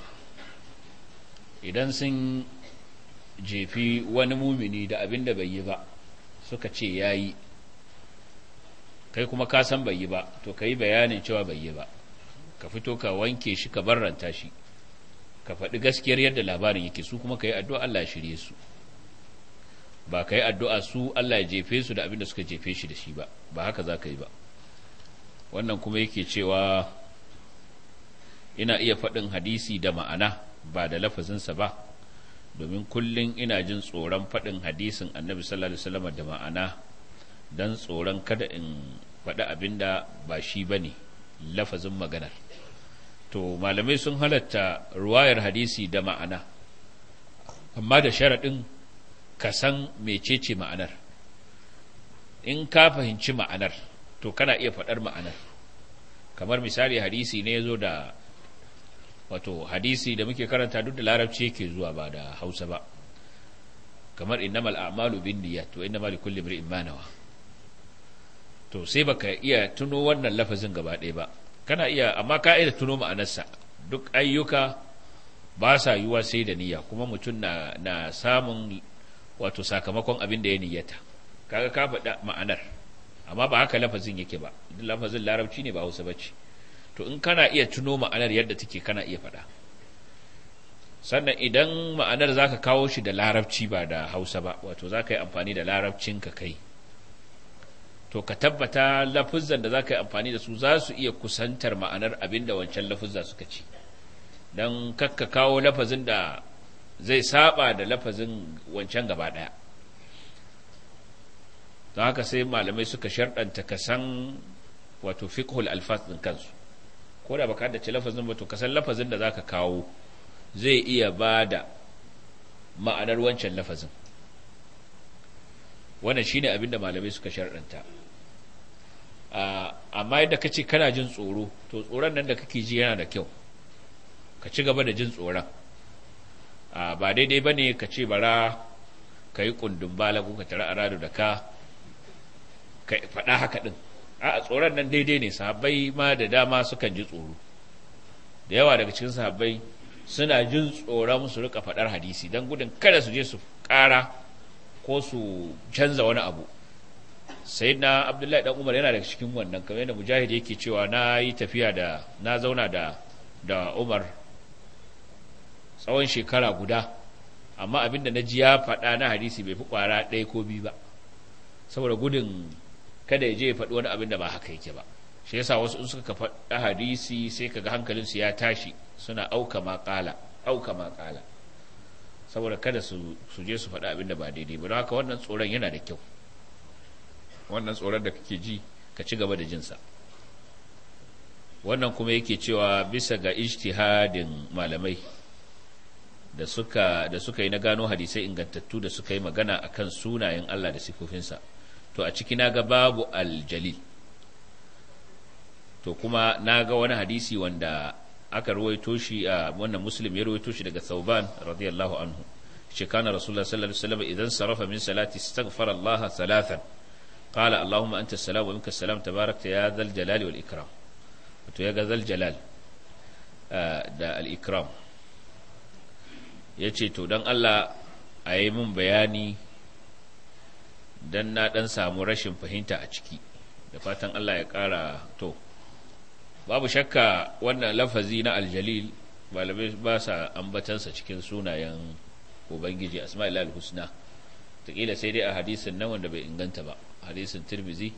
idan sun jefi wani mumini da abinda bai yi ba suka ce ya yi kai kuma ka san bai yi ba to ka yi bayanin cewa bai yi ba ka fito ka wanke shi ka barranta shi ka faɗi gaskiyar yadda labarin yake su kuma ka yi addu'a Allah ya shirye su ba ka yi addu'a su Allah ya jefe su da abin da suka jefe shi da shi ba ba haka za ka yi ba wannan kuma yake cewa ina iya faɗin hadisi da ma'ana ba da lafazinsa ba domin kullum ina jin tsoron faɗin hadisin annabi sallallahu alaihi wasallam da ma'ana don tsoron kada in faɗi abin da ba shi bane ne lafazin maganar to malamai sun halatta ruwayar hadisi da ma'ana amma da sharaɗin ka san mecece ma'anar in ka fahimci ma'anar to kana iya faɗar ma'anar kamar misali hadisi ne ya zo da wato hadisi da muke karanta duk da larabci yake zuwa ba da hausa ba kamar innamal a'malu bin niyyat wa innamal likulli imrin ma nawa to sai baka iya tuno wannan lafazin gaba ɗaya ba kana iya amma ka iya tuno ma'anarsa duk ayyuka ba sa yiwa sai da niyya kuma mutum na na samun wato sakamakon abin da ya niyyata kaga ka faɗa ma'anar amma ba haka lafazin yake ba lafazin larabci ne ba hausa ba ce. to in kana iya tuno ma'anar yadda take kana iya faɗa sannan idan ma'anar za ka kawo shi da larabci ba da hausa ba wato za ka yi amfani da larabcin ka kai to ka tabbata lafuzan da za ka yi amfani da su za su iya kusantar ma'anar abin da wancan lafuzza suka ci don kakka kawo lafazin da zai saba da lafazin wancan gaba ɗaya don haka sai malamai suka sharɗanta ka san wato fiqhul alfas din kansu ko da baka haddace lafazin ba to ka san lafazin da zaka kawo zai iya bada ma'anar wancan lafazin wannan shine abin da malamai suka sharɗanta amma yadda kace kana jin tsoro to tsoron nan da kake ji yana da kyau ka ci gaba da jin tsoron ba daidai ba ne ka ce bara ka yi kundin bala ko ka tara a da ka ka faɗa haka ɗin a tsoron nan daidai ne sahabbai ma da dama sukan ji tsoro da yawa daga cikin sahabbai suna jin tsoron su rika faɗar hadisi don gudun kada su je su ƙara ko su canza wani abu sai na abdullahi dan umar yana daga cikin wannan kamar yadda mujahid yake cewa na yi tafiya da na zauna da da umar tsawon shekara guda amma abinda na ji ya faɗa na hadisi bai fi ƙwara ɗaya ko biyu ba saboda gudun kada ya je ya faɗi wani abin da ba haka yake ba shi yasa wasu in suka faɗi hadisi sai kaga su ya tashi suna auka maƙala auka maƙala saboda kada su je su faɗi abin da ba daidai ba don haka wannan tsoron yana da kyau wannan tsoron da kake ji ka ci gaba da jinsa wannan kuma yake cewa bisa ga ijtihadin malamai da suka da suka yi na gano hadisai ingantattu da suka yi magana akan sunayen Allah da sifofinsa to a ciki naga babu aljalil to kuma naga wani hadisi wanda aka ruwaito shi a wannan muslim ya ruwaito shi daga sauban radiyallahu anhu shi kana rasulullah sallallahu alaihi wasallam idan sarafa min salati istaghfara Allah salatan qala allahumma anta salam wa minka salam tabarakta ya zal jalali wal ikram to ya ga zal jalal da al ikram ya ce to don Allah a yi mun bayani dan na dan samu rashin fahimta a ciki da fatan Allah ya kara to babu shakka wannan lafazi na aljalil malamai ba sa ambatansa cikin sunayen ubangiji asma'il al-husna taƙila sai dai a hadisin nan wanda bai inganta ba hadisin tirmizi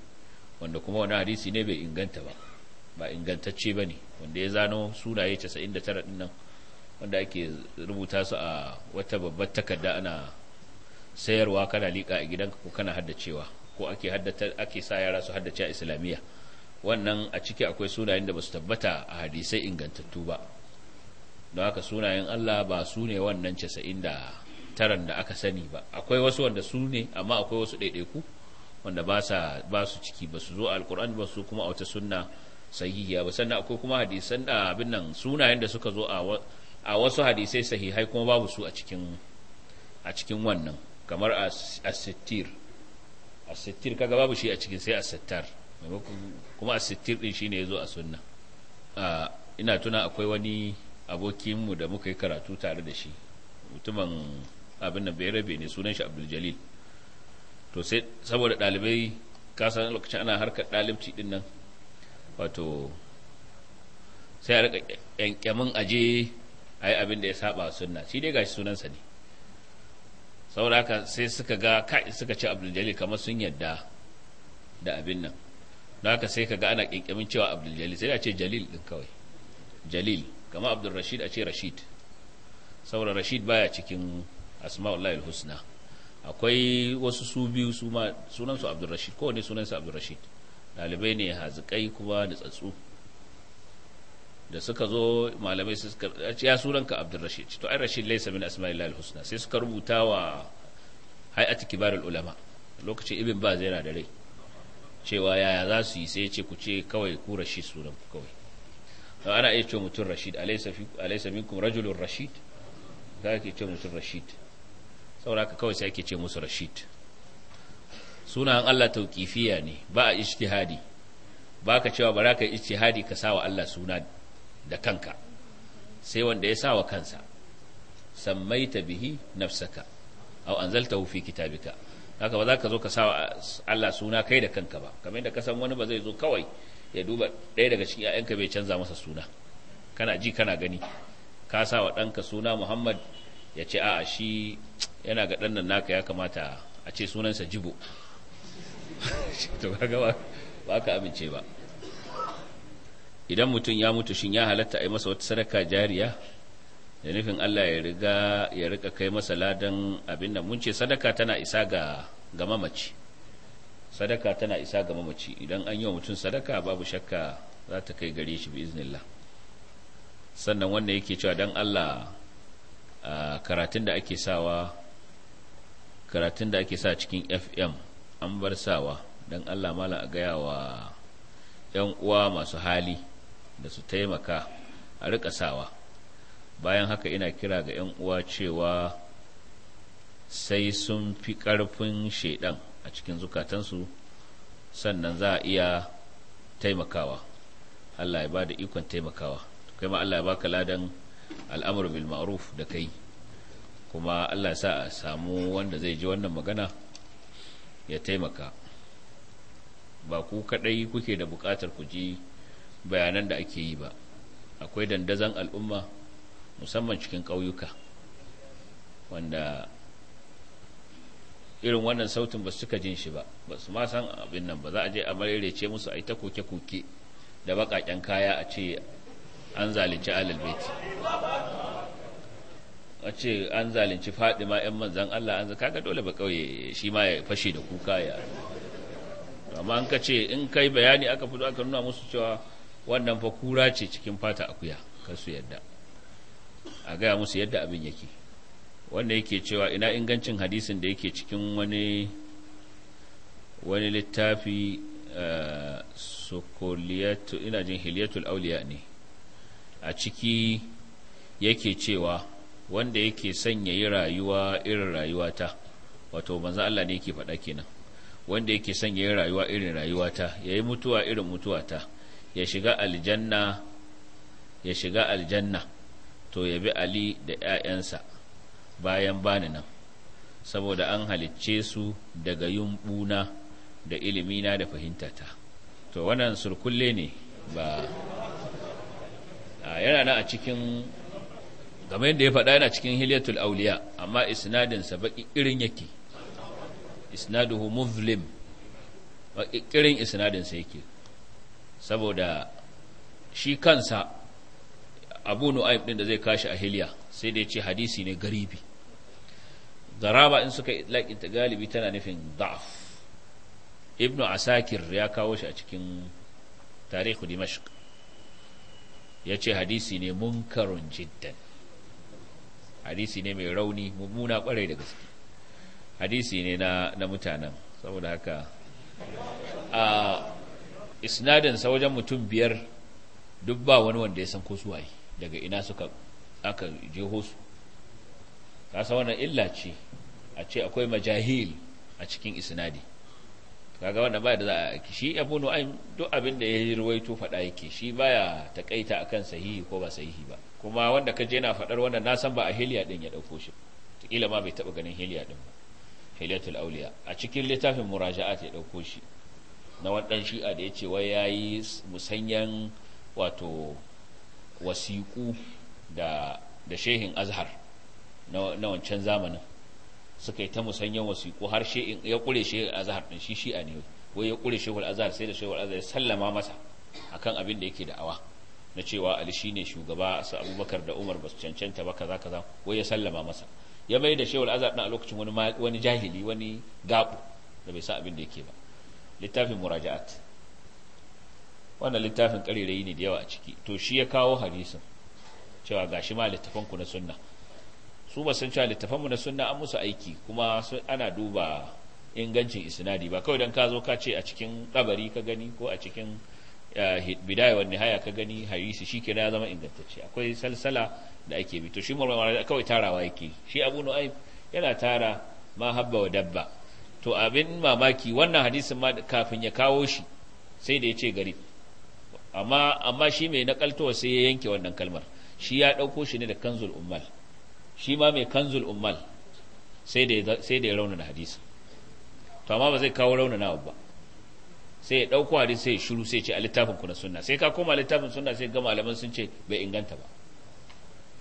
wanda kuma wani hadisi ne bai inganta ba ba ingantacce ba ne wanda ya zano sunaye 99 ɗin nan wanda ake rubuta su a wata babbar takarda ana sayarwa kana liƙa a gidanka ko kana haddacewa ko ake haddata ake sa yara su haddace a islamiyya wannan a ciki akwai sunayen da basu tabbata a hadisai ingantattu ba don haka sunayen Allah ba su ne wannan 99 da aka sani ba akwai wasu wanda su ne amma akwai wasu ɗaiɗaiku wanda ba su ciki ba su zo alkur'ani ba su kuma a wata sunna sahihiya ba sannan akwai kuma hadisan da abin nan sunayen da suka zo a wasu hadisai sahihai kuma babu su a cikin wannan kamar a sittir as-sittir kaga babu shi a cikin sai as-sattar kuma as-sittir din shine yazo a sunna ina tuna akwai wani abokin da muka yi karatu tare da shi mutumin abin nan bai rabe ne sunan shi Abdul Jalil to sai saboda dalibai kasan lokacin ana harkar dalibci din nan wato sai a rika kyankyamin aje a yi abin da ya saba sunna shi dai gashi sunansa ne saboda haka sai suka ga kai suka ci abdul jalil kamar sun yadda da abin nan don haka sai kaga ana kinkimin cewa abdul jalil sai a ce jalil din kawai jalil kamar abdul rashid a ce rashid saboda rashid baya cikin asma'ullahi husna akwai wasu su biyu su ma sunansu abdul rashid kowane sunansu abdul rashid ɗalibai ne hazikai kuma da tsatsu da suka zo malamai suka ya sunanka Rashid to ai rashid laysa min asma'illah husna sai suka rubuta wa hay'at kibarul ulama lokacin ibn baz yana da rai cewa yaya za su yi sai ce ku ce kawai ku rashid sunan ku kawai to ana iya cewa mutum rashid alaysa fi alaysa minkum rajulun rashid za ka ce mutum rashid saboda kawai sai ake ce musu rashid sunan Allah tauqifiya ne ba a ijtihadi ba ka cewa ba za ka ijtihadi ka sawa Allah sunan da kanka sai wanda ya sa wa kansa sammai ta bihi nafsaka aw anzaltahu ta kitabika haka ba za ka zo ka sa Allah suna kai da kanka ba kamar da ka san wani ba zai zo kawai ya duba ɗaya daga cikin 'ya'yanka bai canza masa suna kana ji kana gani ka sa wa ɗanka suna Muhammad ya ce a'a shi yana ga ɗan naka ya kamata a ce sunansa Jibo to ba ka amince ba idan mutum ya mutu shin ya halatta a yi masa wata sadaka jariya da nufin Allah ya riga ya rika kai masa ladan abin da mun ce sadaka tana isa ga ga mamaci sadaka tana isa ga mamaci idan an yi wa mutum sadaka babu shakka za ta kai gare shi biiznillah sannan wannan yake cewa dan Allah karatun da ake sawa karatun da ake sa cikin FM an bar sawa dan Allah mala a gaya wa 'yan uwa masu hali da su taimaka a rika sawa bayan haka ina kira ga 'yan uwa cewa sai sun fi ƙarfin shaidan a cikin zukatansu sannan za a iya taimakawa Allah ya ba da ikon taimakawa kai ma Allah ya baka ladan al'amur bil ma'ruf da kai kuma Allah ya sa a samu wanda zai ji wannan magana ya taimaka ba ku kadai kuke da bukatar ku ji bayanan da ake yi ba akwai dandazon al'umma musamman cikin ƙauyuka wanda irin wannan sautin ba su suka jin shi ba ba su ma san abin nan ba za a je a ce musu a yi ta koke-koke da baƙaƙen kaya a ce an zalunci alal baiti a ce an zalunci fadima yan manzan Allah an zaka ga dole ba kauye shi ma ya fashe da kuka ya amma an ka ce in kai bayani aka fito aka nuna musu cewa wannan fa kura ce cikin fata akuya su yadda a gaya musu yadda abin yake wanda yake cewa ina ingancin hadisin da yake cikin wani wani littafi eh, sokoliyatu ina jin hiliyatul auliya ne a ciki yake cewa wanda yake sanya yi rayuwa irin rayuwata wato manzan Allah ne yake faɗa kenan wanda yake sanya yi rayuwa irin rayuwata yi mutuwa irin mutuwata ya shiga aljanna ya shiga aljanna to ya bi ali da 'ya'yansa bayan bani nan saboda an halicce su daga yumbuna da ilimina da fahimtata to wannan surkulle ne ba yana na a cikin game da ya faɗa yana cikin hilyatul auliya amma sa baki irin yake isnaduhu muslim baki irin isnadinsa yake saboda shi kansa abu nu'aib din da zai kashi a hiliya sai dai ce hadisi ne garibi garaba in suka laƙinta galibi tana nufin da'af ibnu asakir ya kawo shi a cikin tarihu dimashq ya ce hadisi ne munkarun jiddan hadisi ne mai rauni mummuna kwarai da gaske hadisi ne na, mutanen saboda haka isnadinsa wajen mutum biyar duk ba wani wanda ya san ko su waye daga ina suka aka jeho su kasa wannan illa ce a ce akwai majahil a cikin isnadi kaga wanda ba da za a shi abu ai duk abin da ya ruwaito faɗa yake shi baya takaita akan sahihi ko ba sahihi ba kuma wanda kaje yana faɗar wannan na san ba a hiliya din ya dauko shi ila ma bai taba ganin hiliya din ba hiliyatul auliya a cikin littafin muraja'at ya dauko shi na wadan shi'a da ya ce wai ya yi musanyan wato wasiƙu da shehin azhar na wancan zamanin suka yi ta musanyen wasiƙu har ya ƙure shehin azhar ɗin shi shi'a ne wai ya ƙure shehin azhar sai da shehin azhar ya sallama masa akan abin da yake da'awa na cewa ali shine shugaba su abubakar da umar ba su cancanta ba kaza kaza wai ya sallama masa ya mai da shehin azhar ɗin a lokacin wani jahili wani gabu da bai sa abin da yake ba littafin muraja'at wannan littafin ƙarerayi ne da yawa a ciki to shi ya kawo hadisin cewa gashi ma littafan ku na sunna su ba san cewa littafanmu na sunna an musu aiki kuma ana duba ingancin isnadi ba kawai dan ka zo ka ce a cikin kabari ka gani ko a cikin eh, bidaya wa nihaya ka gani hadisi shi ke ya zama ingantacce akwai salsala da ake bi to shi murmura kawai tarawa yake shi abu nu'aib yana tara ma habba wa dabba to abin mamaki wannan hadisin ma kafin ya kawo shi sai da ya ce gari, amma amma shi mai nakaltowa sai ya yanke wannan kalmar shi ya ɗauko shi ne da kanzul ummal shi ma mai kanzul ummal sai da ya raunana hadisi to amma ba zai kawo raunana ba sai ya ɗauko hadisi sai ya shiru sai ce a littafin kuna sunna sai ka koma littafin sunna sai ga malaman sun ce bai inganta ba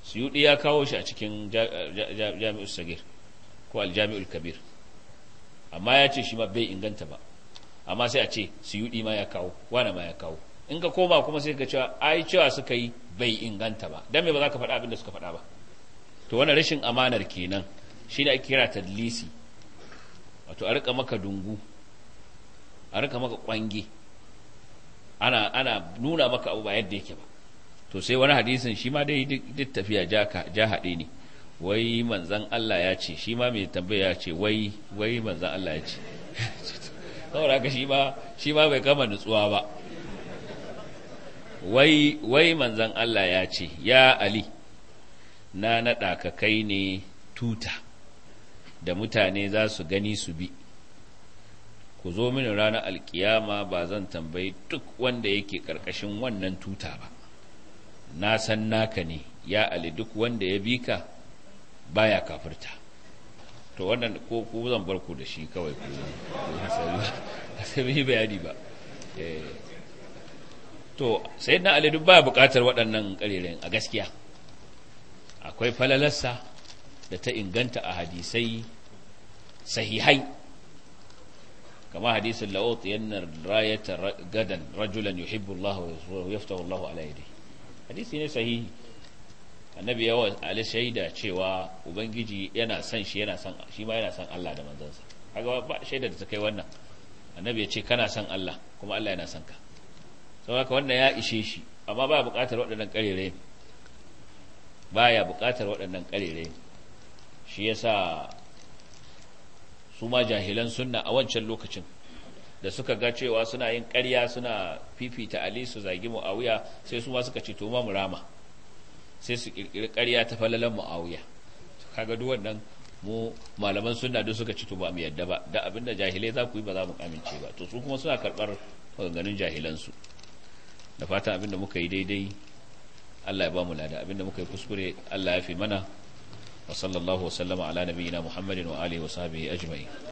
suyudi ya kawo shi a cikin jami'ul sagir ko aljami'ul kabir amma ya ce shi ma bai inganta ba amma sai a ce suyudi ma ya kawo wani ma ya kawo in ka koma kuma sai ka cewa ai cewa suka yi bai inganta ba dan me ba za ka faɗa abin suka faɗa ba to wannan rashin amanar kenan shi ne ake kira tadlisi wato a rika maka dungu a rika maka kwange ana ana nuna maka abu ba yadda yake ba to sai wani hadisin shi ma dai duk tafiya ja haɗe ne wai manzan Allah ya ce shi ma mai tambaya ce wai wai manzan Allah ya ce saboda haka shi ma bai kama nutsuwa ba wai wai manzan Allah ya ce ya Ali na naɗa ka kai ne tuta da mutane za su gani su bi ku zo mini ranar alkiyama ba zan tambayi duk wanda yake ƙarƙashin wannan tuta ba na san naka ne ya Ali duk wanda ya bi ka baya kafirta to wannan ko ku zan bar ku da shi kawai ku hasali bayani ba eh. to sai ali duk baya bukatar waɗannan ƙarerayin a gaskiya akwai falalarsa da ta inganta a hadisai sahihai kama hadisin la'ot yana rayata gadan rajulan yuhibbu Allah wa yaftahu Allah ala hadisi ne sahihi annabi ya ali shaida cewa ubangiji yana son shi yana son shi ma yana son Allah da manzansa kaga ba shaida da ta kai wannan annabi ya ce kana son Allah kuma Allah yana son ka saboda wannan ya ishe shi amma ba buƙatar waɗannan ba ya buƙatar waɗannan ƙarere shi yasa su ma jahilan sunna a wancan lokacin da suka ga cewa suna yin ƙarya suna fifita ali su zagi wuya sai su ma suka ce to ma rama. sai su kirkiri ƙarya ta falalan muawiya kaga duk wannan mu malaman sunna duk suka ci to ba mu yadda ba da abinda jahilai za ku yi ba za mu amince ba to su kuma suna karɓar maganganun jahilansu da fatan abinda muka yi daidai Allah ya ba mu lada abinda muka yi kuskure Allah ya fi mana wa sallallahu wa sallama ala nabiyyina Muhammadin wa alihi wa sahbihi ajma'in